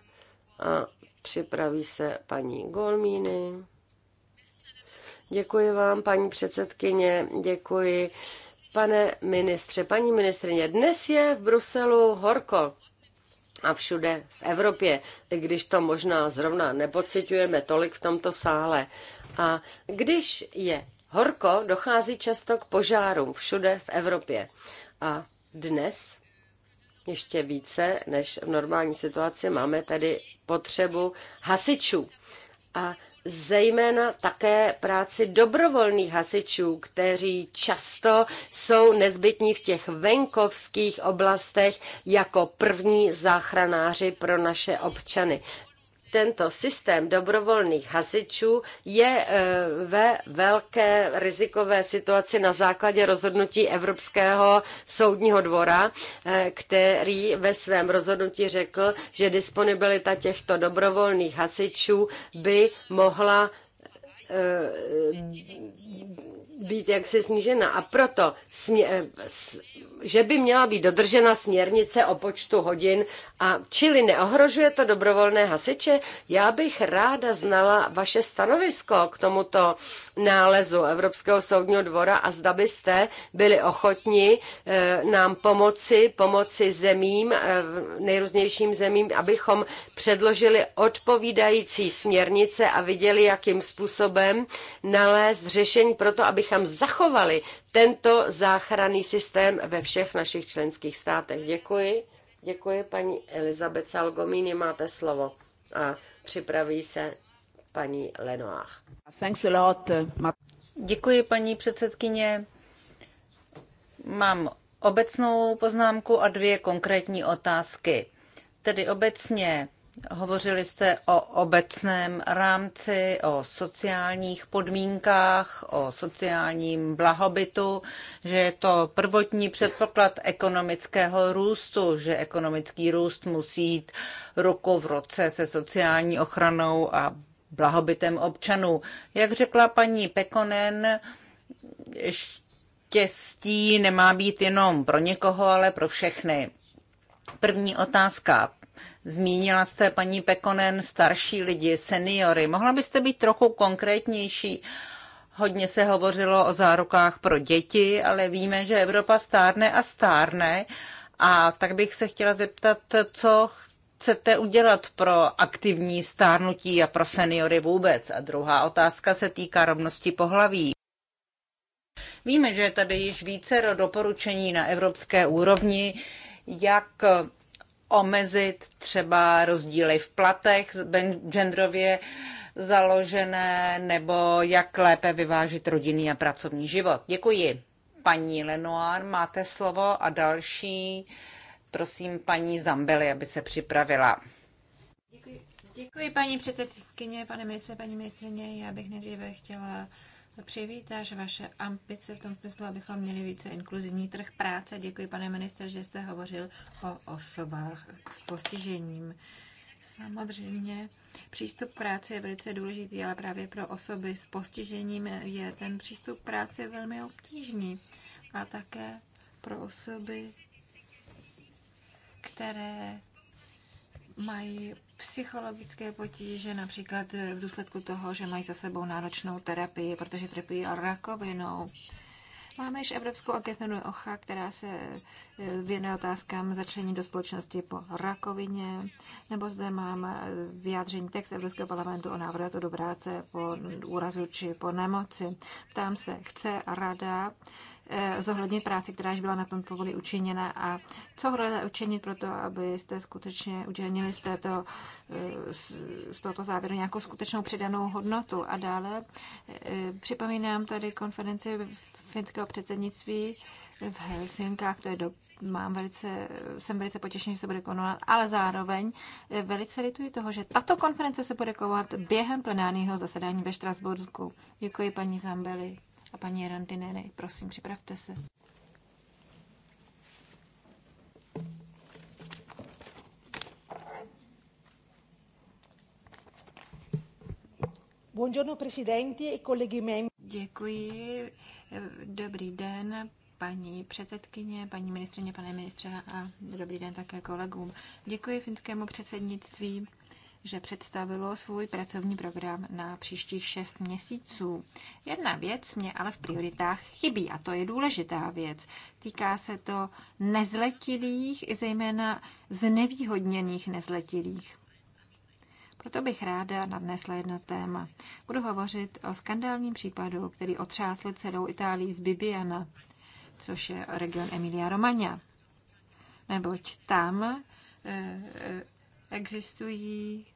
a Připraví se paní Golmíny. Děkuji vám, paní předsedkyně, děkuji. Pane ministře, paní ministrině, dnes je v Bruselu horko a všude v Evropě, i když to možná zrovna nepocitujeme tolik v tomto sále. A když je horko, dochází často k požárům všude v Evropě. A dnes ještě více než v normální situaci. Máme tady potřebu hasičů a zejména také práci dobrovolných hasičů, kteří často jsou nezbytní v těch venkovských oblastech jako první záchranáři pro naše občany tento systém dobrovolných hasičů je e, ve velké rizikové situaci na základě rozhodnutí Evropského soudního dvora, e, který ve svém rozhodnutí řekl, že disponibilita těchto dobrovolných hasičů by mohla Eh, být jaksi snížena. A proto, eh, že by měla být dodržena směrnice o počtu hodin, a čili neohrožuje to dobrovolné hasiče, já bych ráda znala vaše stanovisko k tomuto nálezu Evropského soudního dvora a zda byste byli ochotni eh, nám pomoci, pomoci zemím, nejrůznějším zemím, abychom předložili odpovídající směrnice a viděli, jakým způsobem způsobem nalézt řešení pro to, abychom zachovali tento záchranný systém ve všech našich členských státech. Děkuji. Děkuji, paní Elizabet Salgomini, máte slovo. A připraví se paní Lenoir.
Thanks a lot. Děkuji, paní předsedkyně. Mám obecnou poznámku a dvě konkrétní otázky. Tedy obecně Hovořili jste o obecném rámci, o sociálních podmínkách, o sociálním blahobytu, že je to prvotní předpoklad ekonomického růstu, že ekonomický růst musí jít ruku v roce se sociální ochranou a blahobytem občanů. Jak řekla paní Pekonen, štěstí nemá být jenom pro někoho, ale pro všechny. První otázka. Zmínila jste, paní Pekonen, starší lidi, seniory. Mohla byste být trochu konkrétnější? Hodně se hovořilo o zárukách pro děti, ale víme, že Evropa stárne a stárne. A tak bych se chtěla zeptat, co chcete udělat pro aktivní stárnutí a pro seniory vůbec? A druhá otázka se týká rovnosti pohlaví. Víme, že je tady již více doporučení na evropské úrovni, jak omezit třeba rozdíly v platech genderově založené nebo jak lépe vyvážit rodinný a pracovní život. Děkuji. Paní Lenoir, máte slovo a další, prosím, paní Zambeli, aby se připravila.
Děkuji, děkuji paní předsedkyně, pane ministře, paní ministrině. Já bych nejdříve chtěla Přivítáš že vaše ambice v tom smyslu, abychom měli více inkluzivní trh práce. Děkuji, pane minister, že jste hovořil o osobách s postižením. Samozřejmě. Přístup k práci je velice důležitý, ale právě pro osoby s postižením je ten přístup k práci velmi obtížný. A také pro osoby, které mají psychologické potíže, například v důsledku toho, že mají za sebou náročnou terapii, protože trpí rakovinou. Máme již Evropskou agenturu OCHA, která se eh, věnuje otázkám začlení do společnosti po rakovině, nebo zde máme eh, vyjádření text Evropského parlamentu o návratu do práce po úrazu či po nemoci. Tam se chce rada Eh, zohlednit práci, která již byla na tom povolí učiněna a co hodláte učinit pro to, abyste skutečně učinili z, této, eh, z tohoto závěru nějakou skutečnou přidanou hodnotu. A dále eh, připomínám tady konferenci finského předsednictví v Helsinkách, to je do, mám velice, jsem velice potěšený, že se bude konovat, ale zároveň velice lituji toho, že tato konference se bude konovat během plenárního zasedání ve Štrasburku. Děkuji paní Zambeli a paní Randinery. Prosím, připravte se.
Buongiorno presidenti e colleghi
membri. Děkuji. Dobrý den, paní předsedkyně, paní ministrině, pane ministře a dobrý den také kolegům. Děkuji finskému předsednictví že představilo svůj pracovní program na příštích šest měsíců. Jedna věc mě ale v prioritách chybí a to je důležitá věc. Týká se to nezletilých i zejména znevýhodněných nezletilých. Proto bych ráda nadnesla jedno téma. Budu hovořit o skandálním případu, který otřásl celou Itálii z Bibiana, což je region Emilia Romagna. Neboť tam eh, eh, existují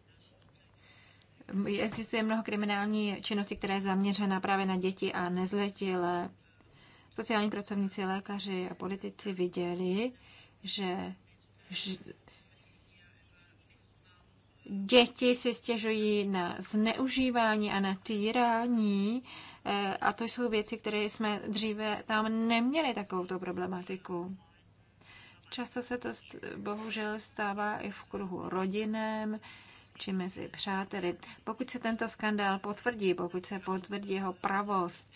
Existuje mnoho kriminální činnosti, která je zaměřena právě na děti a nezletilé. Sociální pracovníci, lékaři a politici viděli, že děti si stěžují na zneužívání a na týrání eh, a to jsou věci, které jsme dříve tam neměli takovouto problematiku. Často se to bohužel stává i v kruhu rodinem či mezi přáteli. Pokud se tento skandál potvrdí, pokud se potvrdí jeho pravost,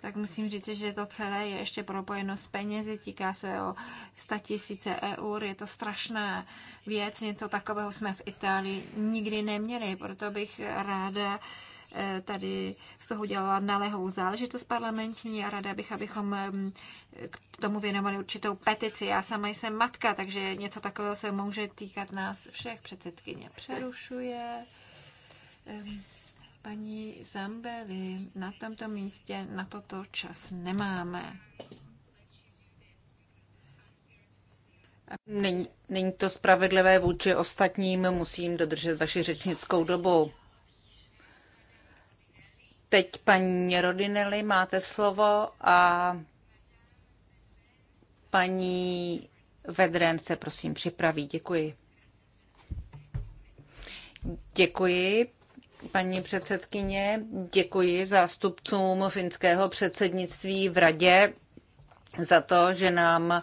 tak musím říct, že to celé je ještě propojeno s penězi, týká se o 100 tisíce eur, je to strašná věc, něco takového jsme v Itálii nikdy neměli, proto bych ráda tady z toho dělala nalehou záležitost parlamentní a ráda bych, abychom mm, k tomu věnovali určitou petici. Já sama jsem matka, takže něco takového se může týkat nás všech. Předsedkyně přerušuje. Paní Zambeli, na tomto místě na toto čas nemáme.
Není, není to spravedlivé vůči ostatním, musím dodržet vaši řečnickou dobu. Teď paní Rodinelli, máte slovo a paní Vedren se prosím připraví. Děkuji. Děkuji, paní předsedkyně. Děkuji zástupcům finského předsednictví v radě za to, že nám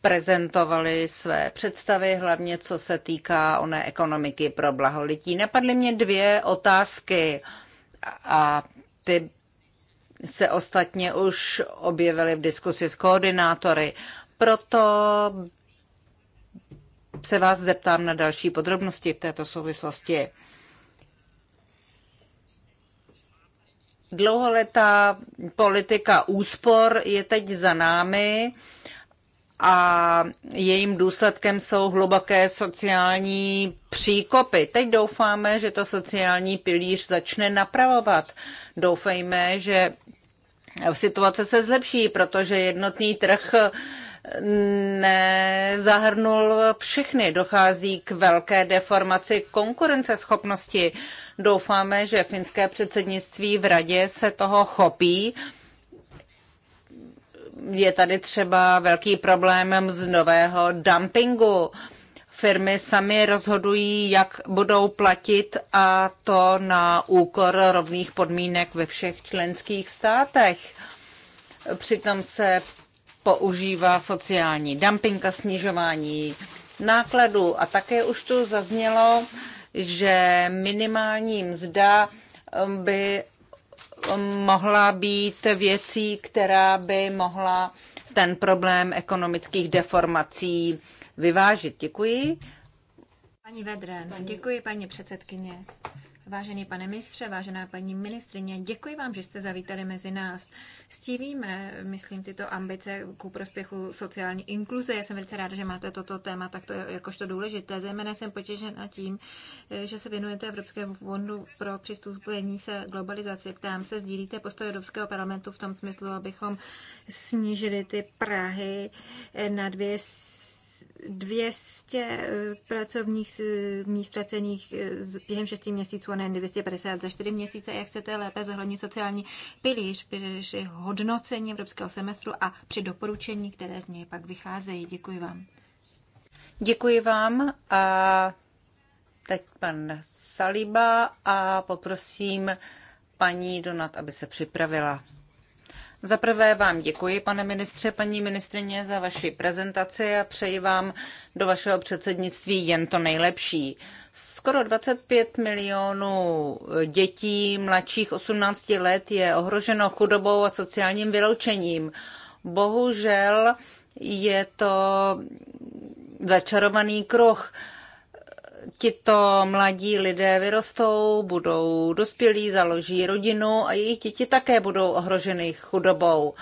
prezentovali své představy, hlavně co se týká oné ekonomiky pro blaho lidí. Napadly mě dvě otázky. Uh, a ty se ostatně už objevily v diskusi s koordinátory. Proto se vás zeptám na další podrobnosti v této souvislosti. Dlouholetá politika úspor je teď za námi a jejím důsledkem jsou hluboké sociální příkopy. Teď doufáme, že to sociální pilíř začne napravovat. Doufejme, že situace se zlepší, protože jednotný trh nezahrnul všechny. Dochází k velké deformaci konkurenceschopnosti. Doufáme, že finské předsednictví v radě se toho chopí je tady třeba velký problém nového dumpingu. Firmy sami rozhodují, jak budou platit a to na úkor rovných podmínek ve všech členských státech. Přitom se používá sociální dumping a snižování nákladů. A také už tu zaznělo, že minimální mzda by mohla být věcí, která by mohla ten problém ekonomických deformací vyvážit. Děkuji.
Paní Vedren, děkuji paní předsedkyně. Vážený pane ministře, vážená paní ministrině, děkuji vám, že jste zavítali mezi nás. Stílíme, myslím, tyto ambice ku prospěchu sociální inkluze. Já jsem velice ráda, že máte toto téma takto jakožto důležité. Zejména jsem potěšena tím, že se věnujete Evropskému fondu pro přistupení se globalizaci. Ptám se, sdílíte postoj Evropského parlamentu v tom smyslu, abychom snížili ty Prahy na dvě 200 eh, pracovních eh, míst ztracených eh, během 6 měsíců a ne 250 za 4 měsíce. Jak chcete lépe zohlednit sociální pilíř při hodnocení evropského semestru a při doporučení, které z něj pak vycházejí?
Děkuji vám. Děkuji vám a teď pan Saliba a poprosím paní Donat, aby se připravila. Za prvé vám děkuji, pane ministře, paní ministrině, za vaši prezentaci a přeji vám do vašeho předsednictví jen to nejlepší. Skoro 25 milionů dětí mladších 18 let je ohroženo chudobou a sociálním vyloučením. Bohužel je to začarovaný kruh tito mladí lidé vyrostou, budou dospělí, založí rodinu a jejich děti také budou ohroženy chudobou.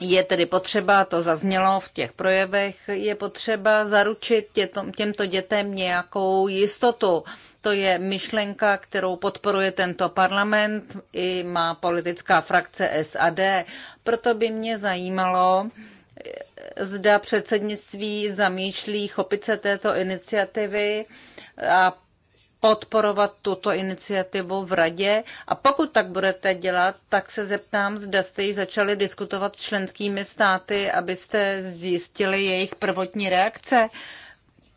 Je tedy potřeba, to zaznělo v těch projevech, je potřeba zaručit tětom, těmto dětem nějakou jistotu. To je myšlenka, kterou podporuje tento parlament i má politická frakce SAD. Proto by mě zajímalo, zda předsednictví zamýšlí chopit se této iniciativy a podporovat tuto iniciativu v radě a pokud tak budete dělat, tak se zeptám, zda jste ji začali diskutovat s členskými státy, abyste zjistili jejich prvotní reakce.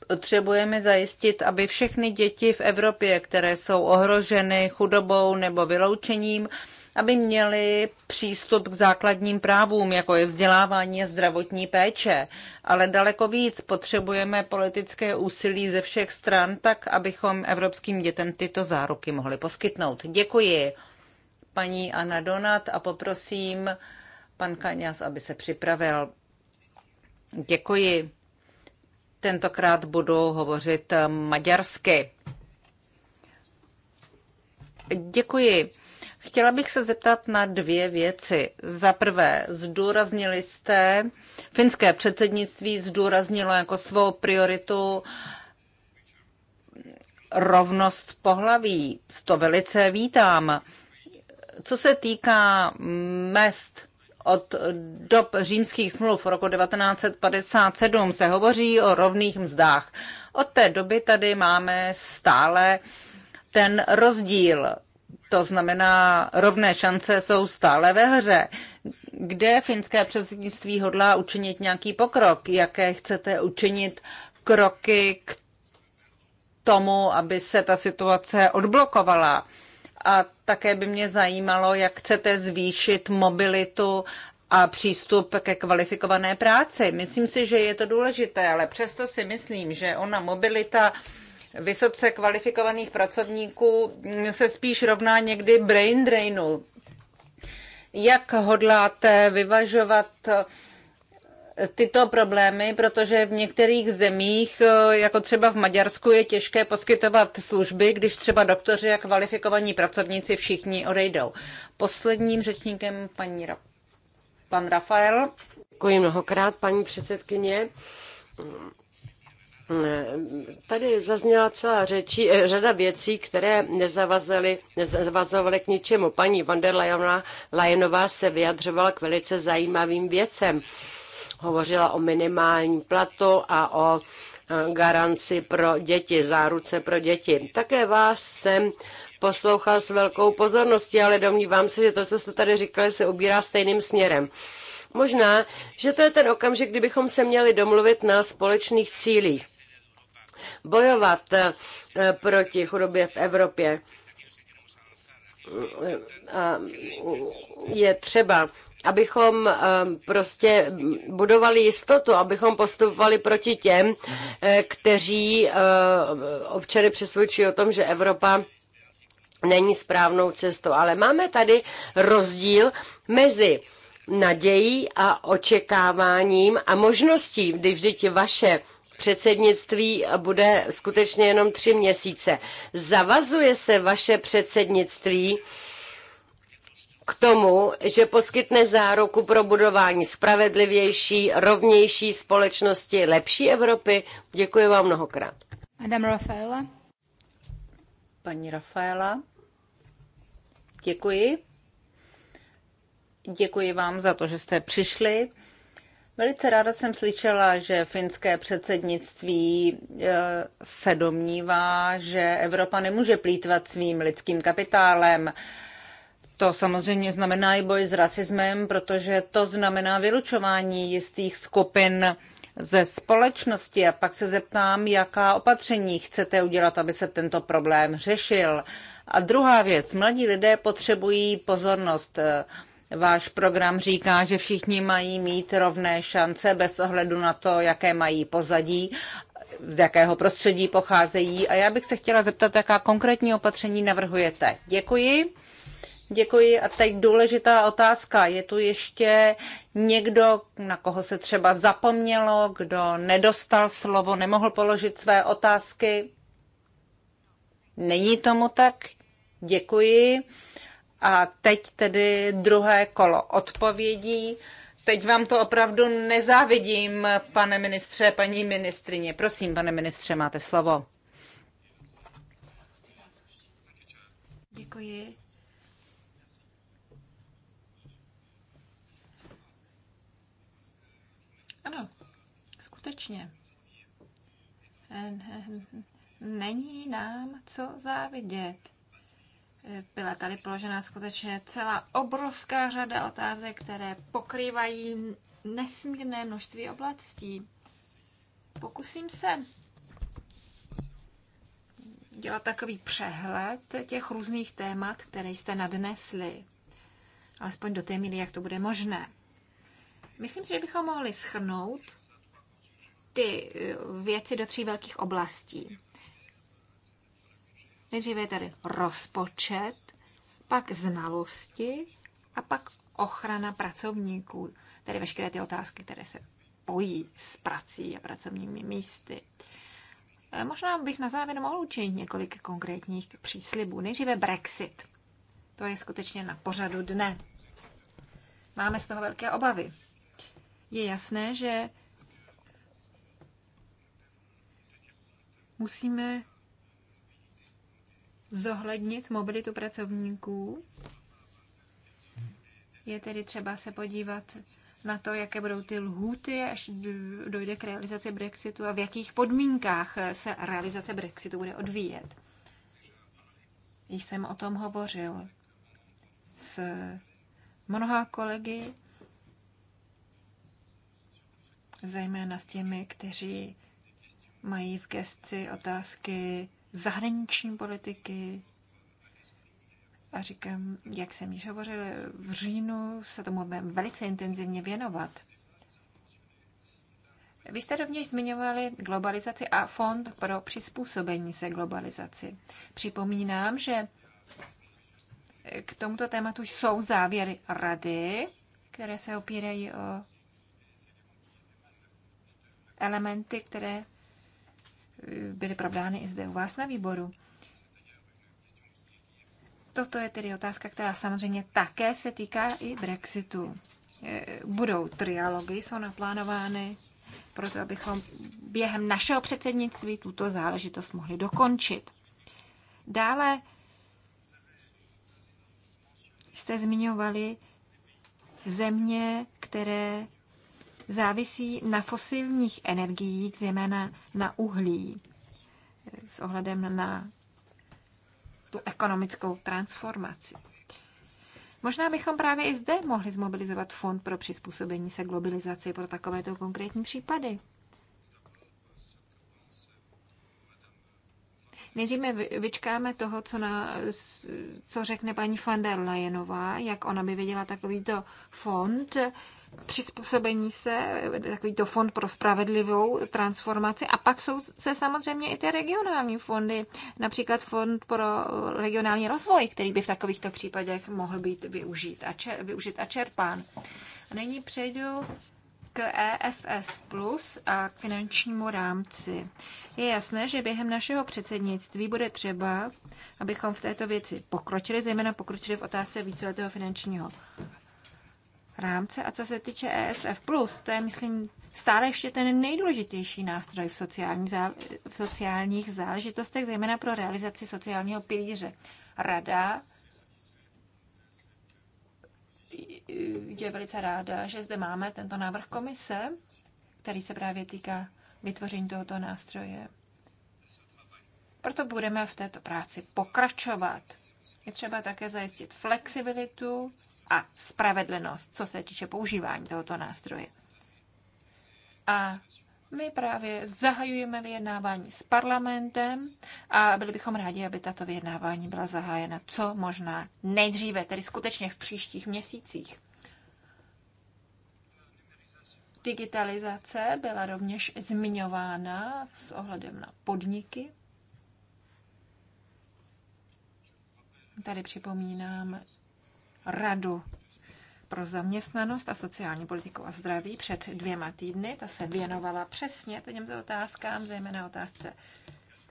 Potřebujeme zajistit, aby všechny děti v Evropě, které jsou ohroženy chudobou nebo vyloučením, aby měli přístup k základním právům, jako je vzdělávání a zdravotní péče. Ale daleko víc potřebujeme politické úsilí ze všech stran, tak abychom evropským dětem tyto záruky mohli poskytnout. Děkuji paní Anna Donat a poprosím pan Kaňas, aby se připravil. Děkuji. Tentokrát budu hovořit maďarsky. Děkuji. Chtěla bych se zeptat na dvě věci. Za prvé, zdůraznili jste, finské předsednictví zdůraznilo jako svou prioritu rovnost pohlaví. To velice vítám. Co se týká mest, od dob římských smluv roku 1957 se hovoří o rovných mzdách. Od té doby tady máme stále ten rozdíl. To znamená, rovné šance jsou stále ve hře. Kde finské předsednictví hodlá učinit nějaký pokrok? Jaké chcete učinit kroky k tomu, aby se ta situace odblokovala? A také by mě zajímalo, jak chcete zvýšit mobilitu a přístup ke kvalifikované práci. Myslím si, že je to důležité, ale přesto si myslím, že ona mobilita vysoce kvalifikovaných pracovníků se spíš rovná někdy brain drainu. Jak hodláte vyvažovat tyto problémy, protože v některých zemích, jako třeba v Maďarsku, je těžké poskytovat služby, když třeba doktoři a kvalifikovaní pracovníci všichni odejdou.
Posledním řečníkem paní Ra- pan Rafael. Děkuji mnohokrát, paní předsedkyně. Tady zazněla celá řeči, eh, řada věcí, které nezavazovaly k ničemu. Paní van der Leyenová se vyjadřovala k velice zajímavým věcem. Hovořila o minimálním platu a o eh, garanci pro děti, záruce pro děti. Také vás jsem poslouchal s velkou pozorností, ale domnívám se, že to, co jste tady říkali, se ubírá stejným směrem. Možná, že to je ten okamžik, kdybychom se měli domluvit na společných cílích bojovat eh, proti chudobě v Evropě. A je třeba abychom eh, prostě budovali jistotu, abychom postupovali proti těm, eh, kteří občany přesvědčují o tom, že Evropa není správnou cestou. Ale máme tady rozdíl mezi nadějí a očekáváním a možností, když vždyť vaše předsednictví bude skutečně jenom tři měsíce. Zavazuje se vaše předsednictví k tomu, že poskytne záruku pro budování spravedlivější, rovnější společnosti, lepší Evropy. Děkuji vám mnohokrát.
Madame Rafaela.
Paní Rafaela. Děkuji.
Děkuji vám za to, že jste přišli. Velice ráda jsem slyšela, že finské předsednictví eh, se domnívá, že Evropa nemůže plítvat svým lidským kapitálem. To samozřejmě znamená i boj s rasismem, protože to znamená vylučování jistých skupin ze společnosti. A pak se zeptám, jaká opatření chcete udělat, aby se tento problém řešil. A druhá věc, mladí lidé potřebují pozornost. Váš program říká, že všichni mají mít rovné šance bez ohledu na to, jaké mají pozadí, z jakého prostředí pocházejí. A já bych se chtěla zeptat, jaká konkrétní opatření navrhujete. Děkuji. Děkuji. A teď důležitá otázka. Je tu ještě někdo, na koho se třeba zapomnělo, kdo nedostal slovo, nemohl položit své otázky? Není tomu tak? Děkuji. A teď tedy druhé kolo odpovědí. Teď vám to opravdu nezávidím, pane ministře, paní ministrině. Prosím, pane ministře, máte slovo.
Děkuji. Ano, skutečně. Není nám co závidět. Byla tady položena skutečně celá obrovská řada otázek, které pokrývají nesmírné množství oblastí. Pokusím se dělat takový přehled těch různých témat, které jste nadnesli, alespoň do té míry, jak to bude možné. Myslím si, že bychom mohli schrnout ty věci do tří velkých oblastí. Nejdříve je tady rozpočet, pak znalosti a pak ochrana pracovníků, tedy veškeré ty otázky, které se pojí s prací a pracovními místy. E, možná bych na závěr mohl učinit několik konkrétních příslibů. Nejdříve Brexit. To je skutečně na pořadu dne. Máme z toho velké obavy. Je jasné, že musíme zohlednit mobilitu pracovníků. Je tedy třeba se podívat na to, jaké budou ty lhůty, až dojde k realizaci Brexitu a v jakých podmínkách se realizace Brexitu bude odvíjet. Již jsem o tom hovořil s mnoha kolegy, zejména s těmi, kteří mají v gestci otázky zahraniční politiky. A říkám, jak jsem již hovořil, v říjnu se tomu budeme velice intenzivně věnovat. Vy jste rovněž zmiňovali globalizaci a fond pro přizpůsobení se globalizaci. Připomínám, že k tomuto tématu jsou závěry rady, které se opírají o elementy, které byly probrány i zde u vás na výboru. Toto je tedy otázka, která samozřejmě také se týká i Brexitu. E, budou trialogy, jsou naplánovány proto, abychom během našeho předsednictví tuto záležitost mohli dokončit. Dále jste zmiňovali země, které závisí na fosilních energiích, zejména na uhlí, s ohledem na tu ekonomickou transformaci. Možná bychom právě i zde mohli zmobilizovat fond pro přizpůsobení se globalizaci pro takovéto konkrétní případy. Nejdříve vyčkáme toho, co, na, co řekne paní van der Leyenová, jak ona by věděla takovýto fond přizpůsobení se, takový to fond pro spravedlivou transformaci. A pak jsou se samozřejmě i ty regionální fondy, například fond pro regionální rozvoj, který by v takovýchto případech mohl být využít a, čer, využít a čerpán. A nyní přejdu k EFS Plus a k finančnímu rámci. Je jasné, že během našeho předsednictví bude třeba, abychom v této věci pokročili, zejména pokročili v otázce víceletého finančního rámce. A co se týče ESF+, to je, myslím, stále ještě ten nejdůležitější nástroj v, sociální zá, v sociálních záležitostech, zejména pro realizaci sociálního pilíře. Rada je velice ráda, že zde máme tento návrh komise, který se právě týká vytvoření tohoto nástroje. Proto budeme v této práci pokračovat. Je třeba také zajistit flexibilitu a spravedlnost, co se týče používání tohoto nástroje. A my právě zahajujeme vyjednávání s parlamentem a byli bychom rádi, aby tato vyjednávání byla zahájena co možná nejdříve, tedy skutečně v příštích měsících. Digitalizace byla rovněž zmiňována s ohledem na podniky. Tady připomínám, radu pro zaměstnanost a sociální politiku a zdraví před dvěma týdny. Ta se věnovala přesně těmto otázkám, zejména otázce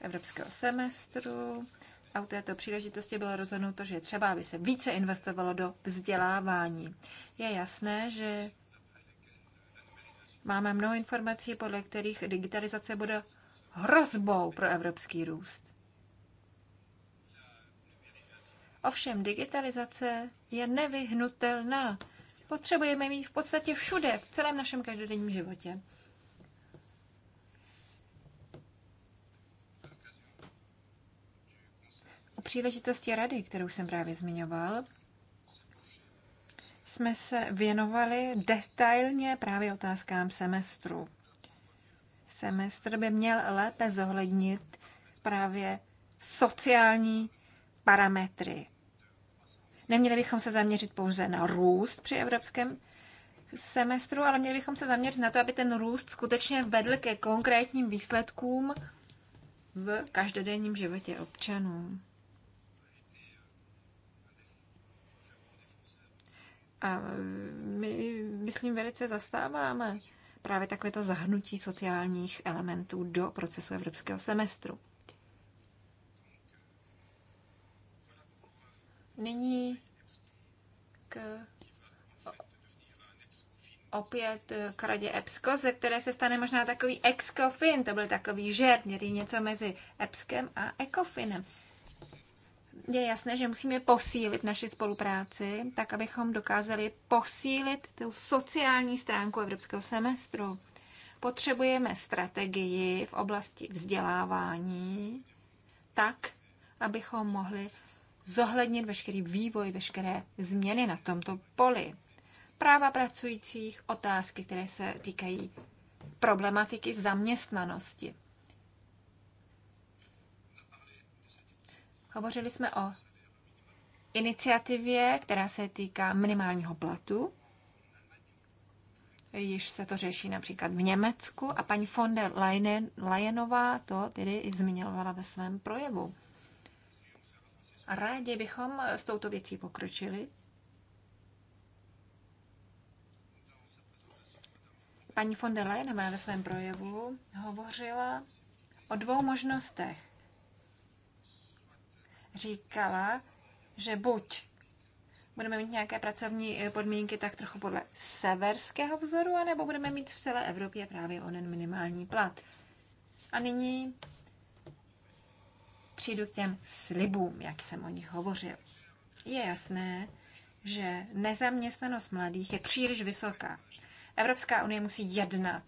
evropského semestru. A u této příležitosti bylo rozhodnuto, že třeba, aby se více investovalo do vzdělávání. Je jasné, že máme mnoho informací, podle kterých digitalizace bude hrozbou pro evropský růst. Ovšem digitalizace je nevyhnutelná. Potřebujeme mít v podstatě všude, v celém našem každodenním životě. U příležitosti rady, kterou jsem právě zmiňoval, jsme se věnovali detailně právě otázkám semestru. Semestr by měl lépe zohlednit právě sociální parametry. Neměli bychom se zaměřit pouze na růst při evropském semestru, ale měli bychom se zaměřit na to, aby ten růst skutečně vedl ke konkrétním výsledkům v každodenním životě občanů. A my, myslím, velice zastáváme právě takovéto zahnutí sociálních elementů do procesu evropského semestru. Nyní opět eh, k radě EBSCO, ze které se stane možná takový EXCOFIN. To byl takový žert, měli něco mezi EBSCEM a ECOFINem. Je jasné, že musíme posílit naši spolupráci, tak abychom dokázali posílit tu sociální stránku evropského semestru. Potřebujeme strategii v oblasti vzdělávání, tak, abychom mohli zohlednit veškerý vývoj, veškeré změny na tomto poli práva pracujících, otázky, které se týkají problematiky zaměstnanosti. Hovořili jsme o iniciativě, která se týká minimálního platu. Již se to řeší například v Německu a paní von der Leyenová to tedy i zmiňovala ve svém projevu. rádi bychom s touto věcí pokročili paní von der Leyenová ve svém projevu hovořila o dvou možnostech. Říkala, že buď budeme mít nějaké pracovní eh, podmínky tak trochu podle severského vzoru, anebo budeme mít v celé Evropě právě onen minimální plat. A nyní přijdu k těm slibům, jak jsem o nich hovořil. Je jasné, že nezaměstnanost mladých je příliš vysoká. Evropská unie musí jednat.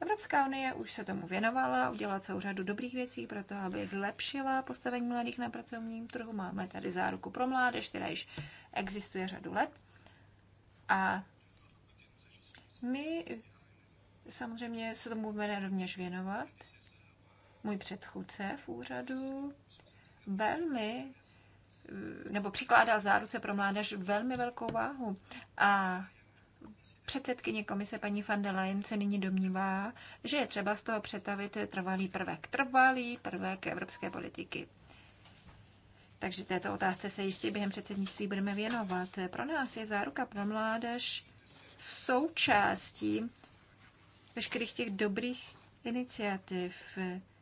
Evropská unie už se tomu věnovala, udělala celou řadu dobrých věcí pro to, aby zlepšila postavení mladých na pracovním trhu. Máme tady záruku pro mládež, která již existuje řadu let. A my samozřejmě se tomu budeme rovněž věnovat. Můj předchůdce v úřadu velmi, nebo přikládá záruce pro mládež velmi velkou váhu. A Předsedkyně komise paní van der Leyen se nyní domnívá, že je třeba z toho přetavit trvalý prvek. Trvalý prvek evropské politiky. Takže této otázce se jistě během předsednictví budeme věnovat. Pro nás je záruka pro mládež součástí veškerých těch dobrých iniciativ.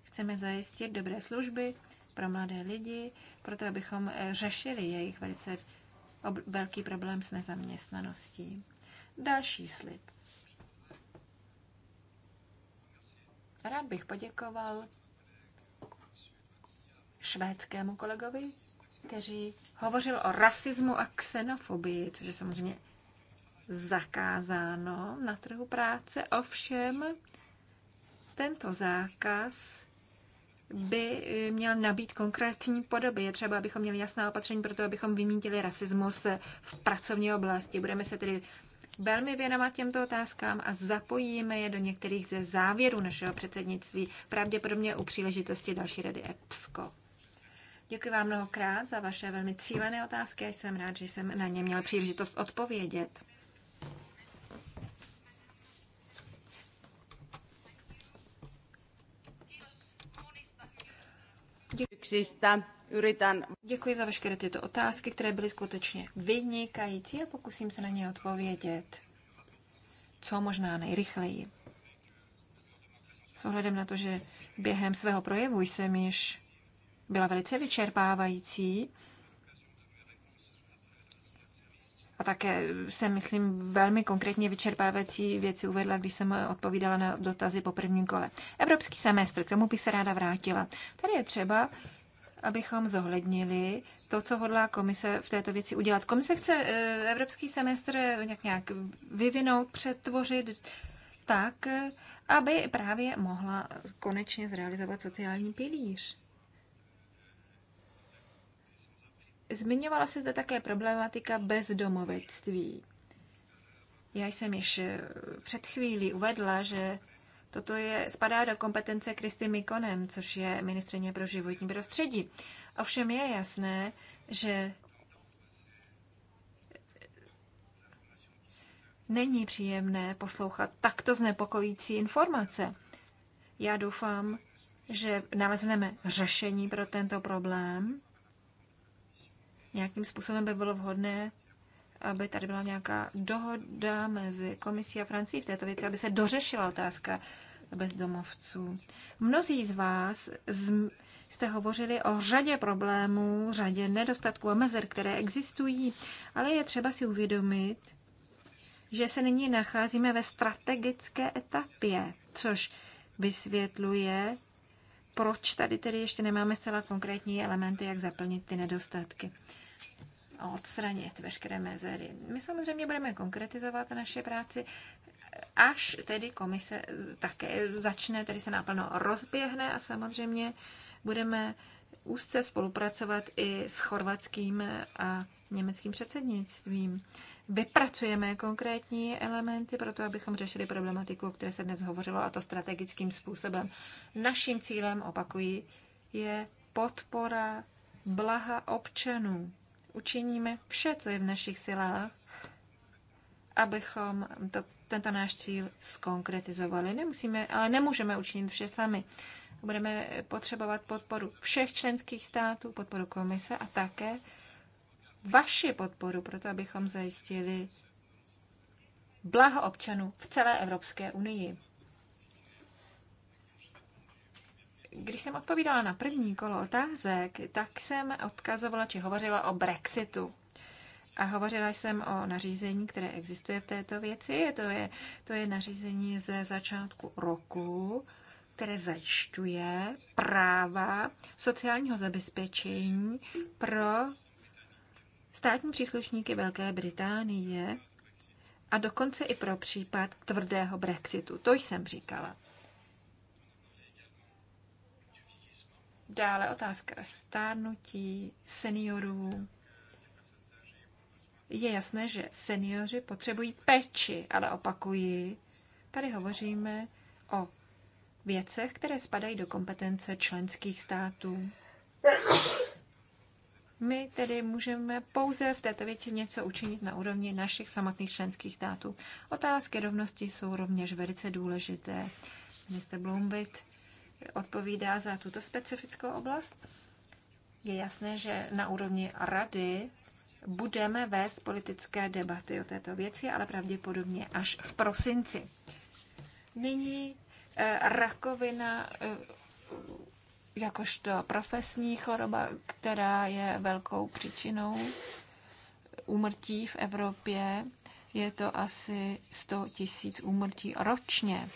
Chceme zajistit dobré služby pro mladé lidi, proto abychom řešili jejich velice velký problém s nezaměstnaností další slib. Rád bych poděkoval švédskému kolegovi, kteří hovořil o rasismu a xenofobii, což je samozřejmě zakázáno na trhu práce. Ovšem, tento zákaz by měl nabít konkrétní podoby. Je třeba, abychom měli jasná opatření pro to, abychom vymítili rasismus v pracovní oblasti. Budeme se tedy velmi věnovat těmto otázkám a zapojíme je do některých ze závěrů našeho předsednictví, pravděpodobně u příležitosti další rady EPSCO. Děkuji vám mnohokrát za vaše velmi cílené otázky a jsem rád, že jsem na ně měl příležitost odpovědět. Děkuji yritän... Děkuji za veškeré tyto otázky, které byly skutečně vynikající a pokusím se na ně odpovědět co možná nejrychleji. S ohledem na to, že během svého projevu jsem již byla velice vyčerpávající a také jsem, myslím, velmi konkrétně vyčerpávající věci uvedla, když jsem odpovídala na dotazy po prvním kole. Evropský semestr, k tomu bych se ráda vrátila. Tady je třeba abychom zohlednili to, co hodlá komise v této věci udělat. Komise chce eh, evropský semestr nějak, nějak vyvinout, přetvořit tak, aby právě mohla konečně zrealizovat sociální pilíř. Zmiňovala se zde také problematika bezdomovectví. Já jsem již eh, před chvílí uvedla, že Toto je, spadá do kompetence Kristy Mikonem, což je ministrině pro životní prostředí. Ovšem je jasné, že není příjemné poslouchat takto znepokojící informace. Já doufám, že nalezneme řešení pro tento problém. Nějakým způsobem by bylo vhodné, aby tady byla nějaká dohoda mezi komisí a Francií v této věci, aby se dořešila otázka bezdomovců. Mnozí z vás jste hovořili o řadě problémů, řadě nedostatků a mezer, které existují, ale je třeba si uvědomit, že se nyní nacházíme ve strategické etapě, což vysvětluje, proč tady tedy ještě nemáme zcela konkrétní elementy, jak zaplnit ty nedostatky a odstranit veškeré mezery. My samozřejmě budeme konkretizovat naše práci až tedy komise také začne, tedy se náplno rozběhne a samozřejmě budeme úzce spolupracovat i s chorvatským a německým předsednictvím. Vypracujeme konkrétní elementy pro to, abychom řešili problematiku, o které se dnes hovořilo, a to strategickým způsobem. Naším cílem, opakuji, je podpora blaha občanů. Učiníme vše, co je v našich silách, abychom to tento náš cíl skonkretizovali. Nemusíme, ale nemůžeme učinit vše sami. Budeme potřebovat podporu všech členských států, podporu komise a také vaši podporu, proto abychom zajistili blaho občanů v celé Evropské unii. Když jsem odpovídala na první kolo otázek, tak jsem odkazovala či hovořila o Brexitu a hovořila jsem o nařízení, které existuje v této věci. To je, to je nařízení ze začátku roku, které zajišťuje práva sociálního zabezpečení pro státní příslušníky Velké Británie a dokonce i pro případ tvrdého Brexitu. To jsem říkala. Dále otázka stárnutí seniorů je jasné, že seniori potřebují péči, ale opakuji, tady hovoříme o věcech, které spadají do kompetence členských států. My tedy můžeme pouze v této věci něco učinit na úrovni našich samotných členských států. Otázky rovnosti jsou rovněž velice důležité. Mr. Blumbit odpovídá za tuto specifickou oblast. Je jasné, že na úrovni rady budeme vést politické debaty o této věci, ale pravděpodobně až v prosinci. Nyní eh, rakovina eh, jakožto profesní choroba, která je velkou příčinou úmrtí v Evropě. Je to asi 100 tisíc úmrtí ročně.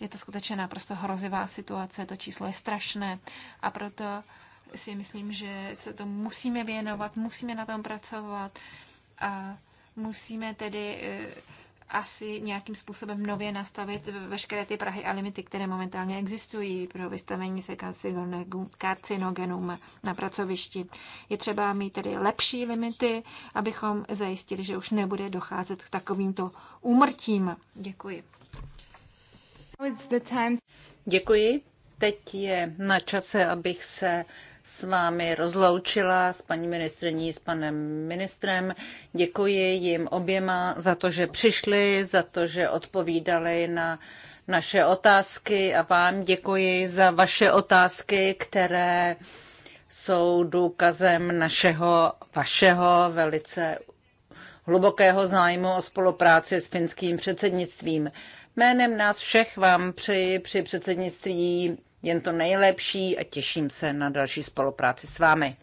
Je to skutečně naprosto hrozivá situace, to číslo je strašné a proto si myslím, že se to musíme věnovat, musíme na tom pracovat a musíme tedy eh, asi nějakým způsobem nově nastavit veškeré ty prahy a limity, které momentálně existují pro vystavení se karcinogenům na pracovišti. Je třeba mít tedy lepší limity, abychom zajistili, že už nebude docházet k takovýmto úmrtím.
Děkuji. Děkuji. Teď je na čase, abych se s vámi rozloučila, s paní ministrní, s panem ministrem. Děkuji jim oběma za to, že přišli, za to, že odpovídali na naše otázky a vám děkuji za vaše otázky, které jsou důkazem našeho, vašeho velice hlubokého zájmu o spolupráci s finským předsednictvím. Jménem nás všech vám přeji při předsednictví jen to nejlepší a těším se na další spolupráci s vámi.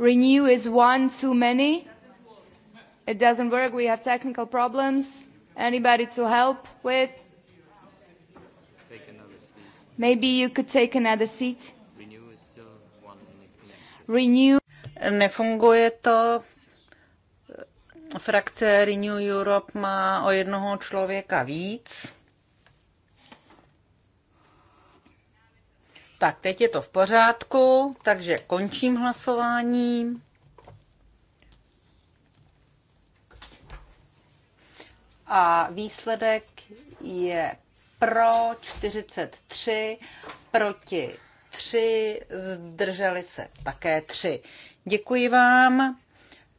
Renew is one too many. It doesn't work. We have technical problems. Anybody to help with? Maybe you could take another seat.
Renew is still one
Renew. Nefunguje
to. Frakce Renew Europe má o jednoho člověka víc. Tak, teď je to v pořádku, takže končím hlasování. A výsledek je pro 43, proti 3, zdrželi se také 3. Děkuji vám.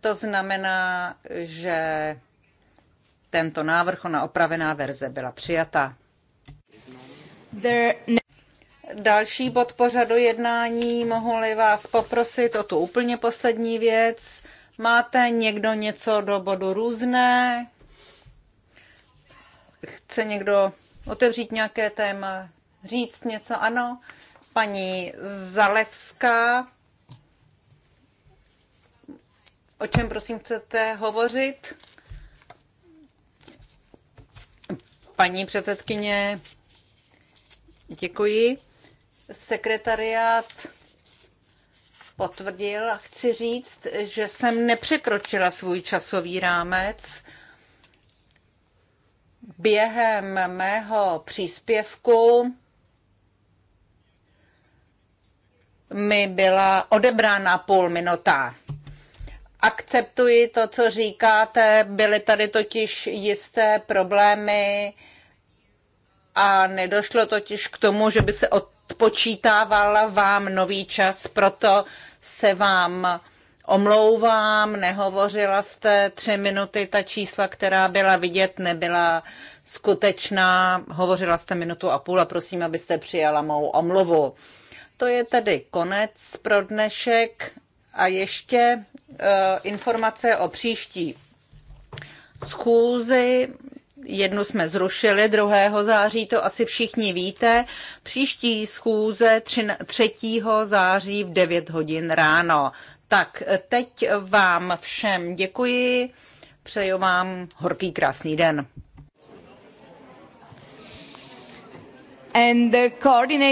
To znamená, že tento návrh, na opravená verze byla přijata. There další bod pořadu jednání, mohu-li vás poprosit o tu úplně poslední věc. Máte někdo něco do bodu různé? Chce někdo otevřít nějaké téma, říct něco? Ano, paní Zalevská. O čem prosím chcete hovořit? Paní předsedkyně, děkuji sekretariát potvrdil a chci říct, že jsem nepřekročila svůj časový rámec. Během mého příspěvku mi byla odebrána půl minuta. Akceptuji to, co říkáte, byly tady totiž jisté problémy a nedošlo totiž k tomu, že by se od odpočítával vám nový čas, proto se vám omlouvám, nehovořila jste tři minuty, ta čísla, která byla vidět, nebyla skutečná. Hovořila jste minutu a půl a prosím, abyste přijala mou omluvu. To je tedy konec pro dnešek a ještě uh, informace o příští schůzi. Jednu jsme zrušili 2. září, to asi všichni víte. Příští schůze 3. září v 9 hodin ráno. Tak, teď vám všem děkuji. Přeju vám horký krásný den. And the coordinate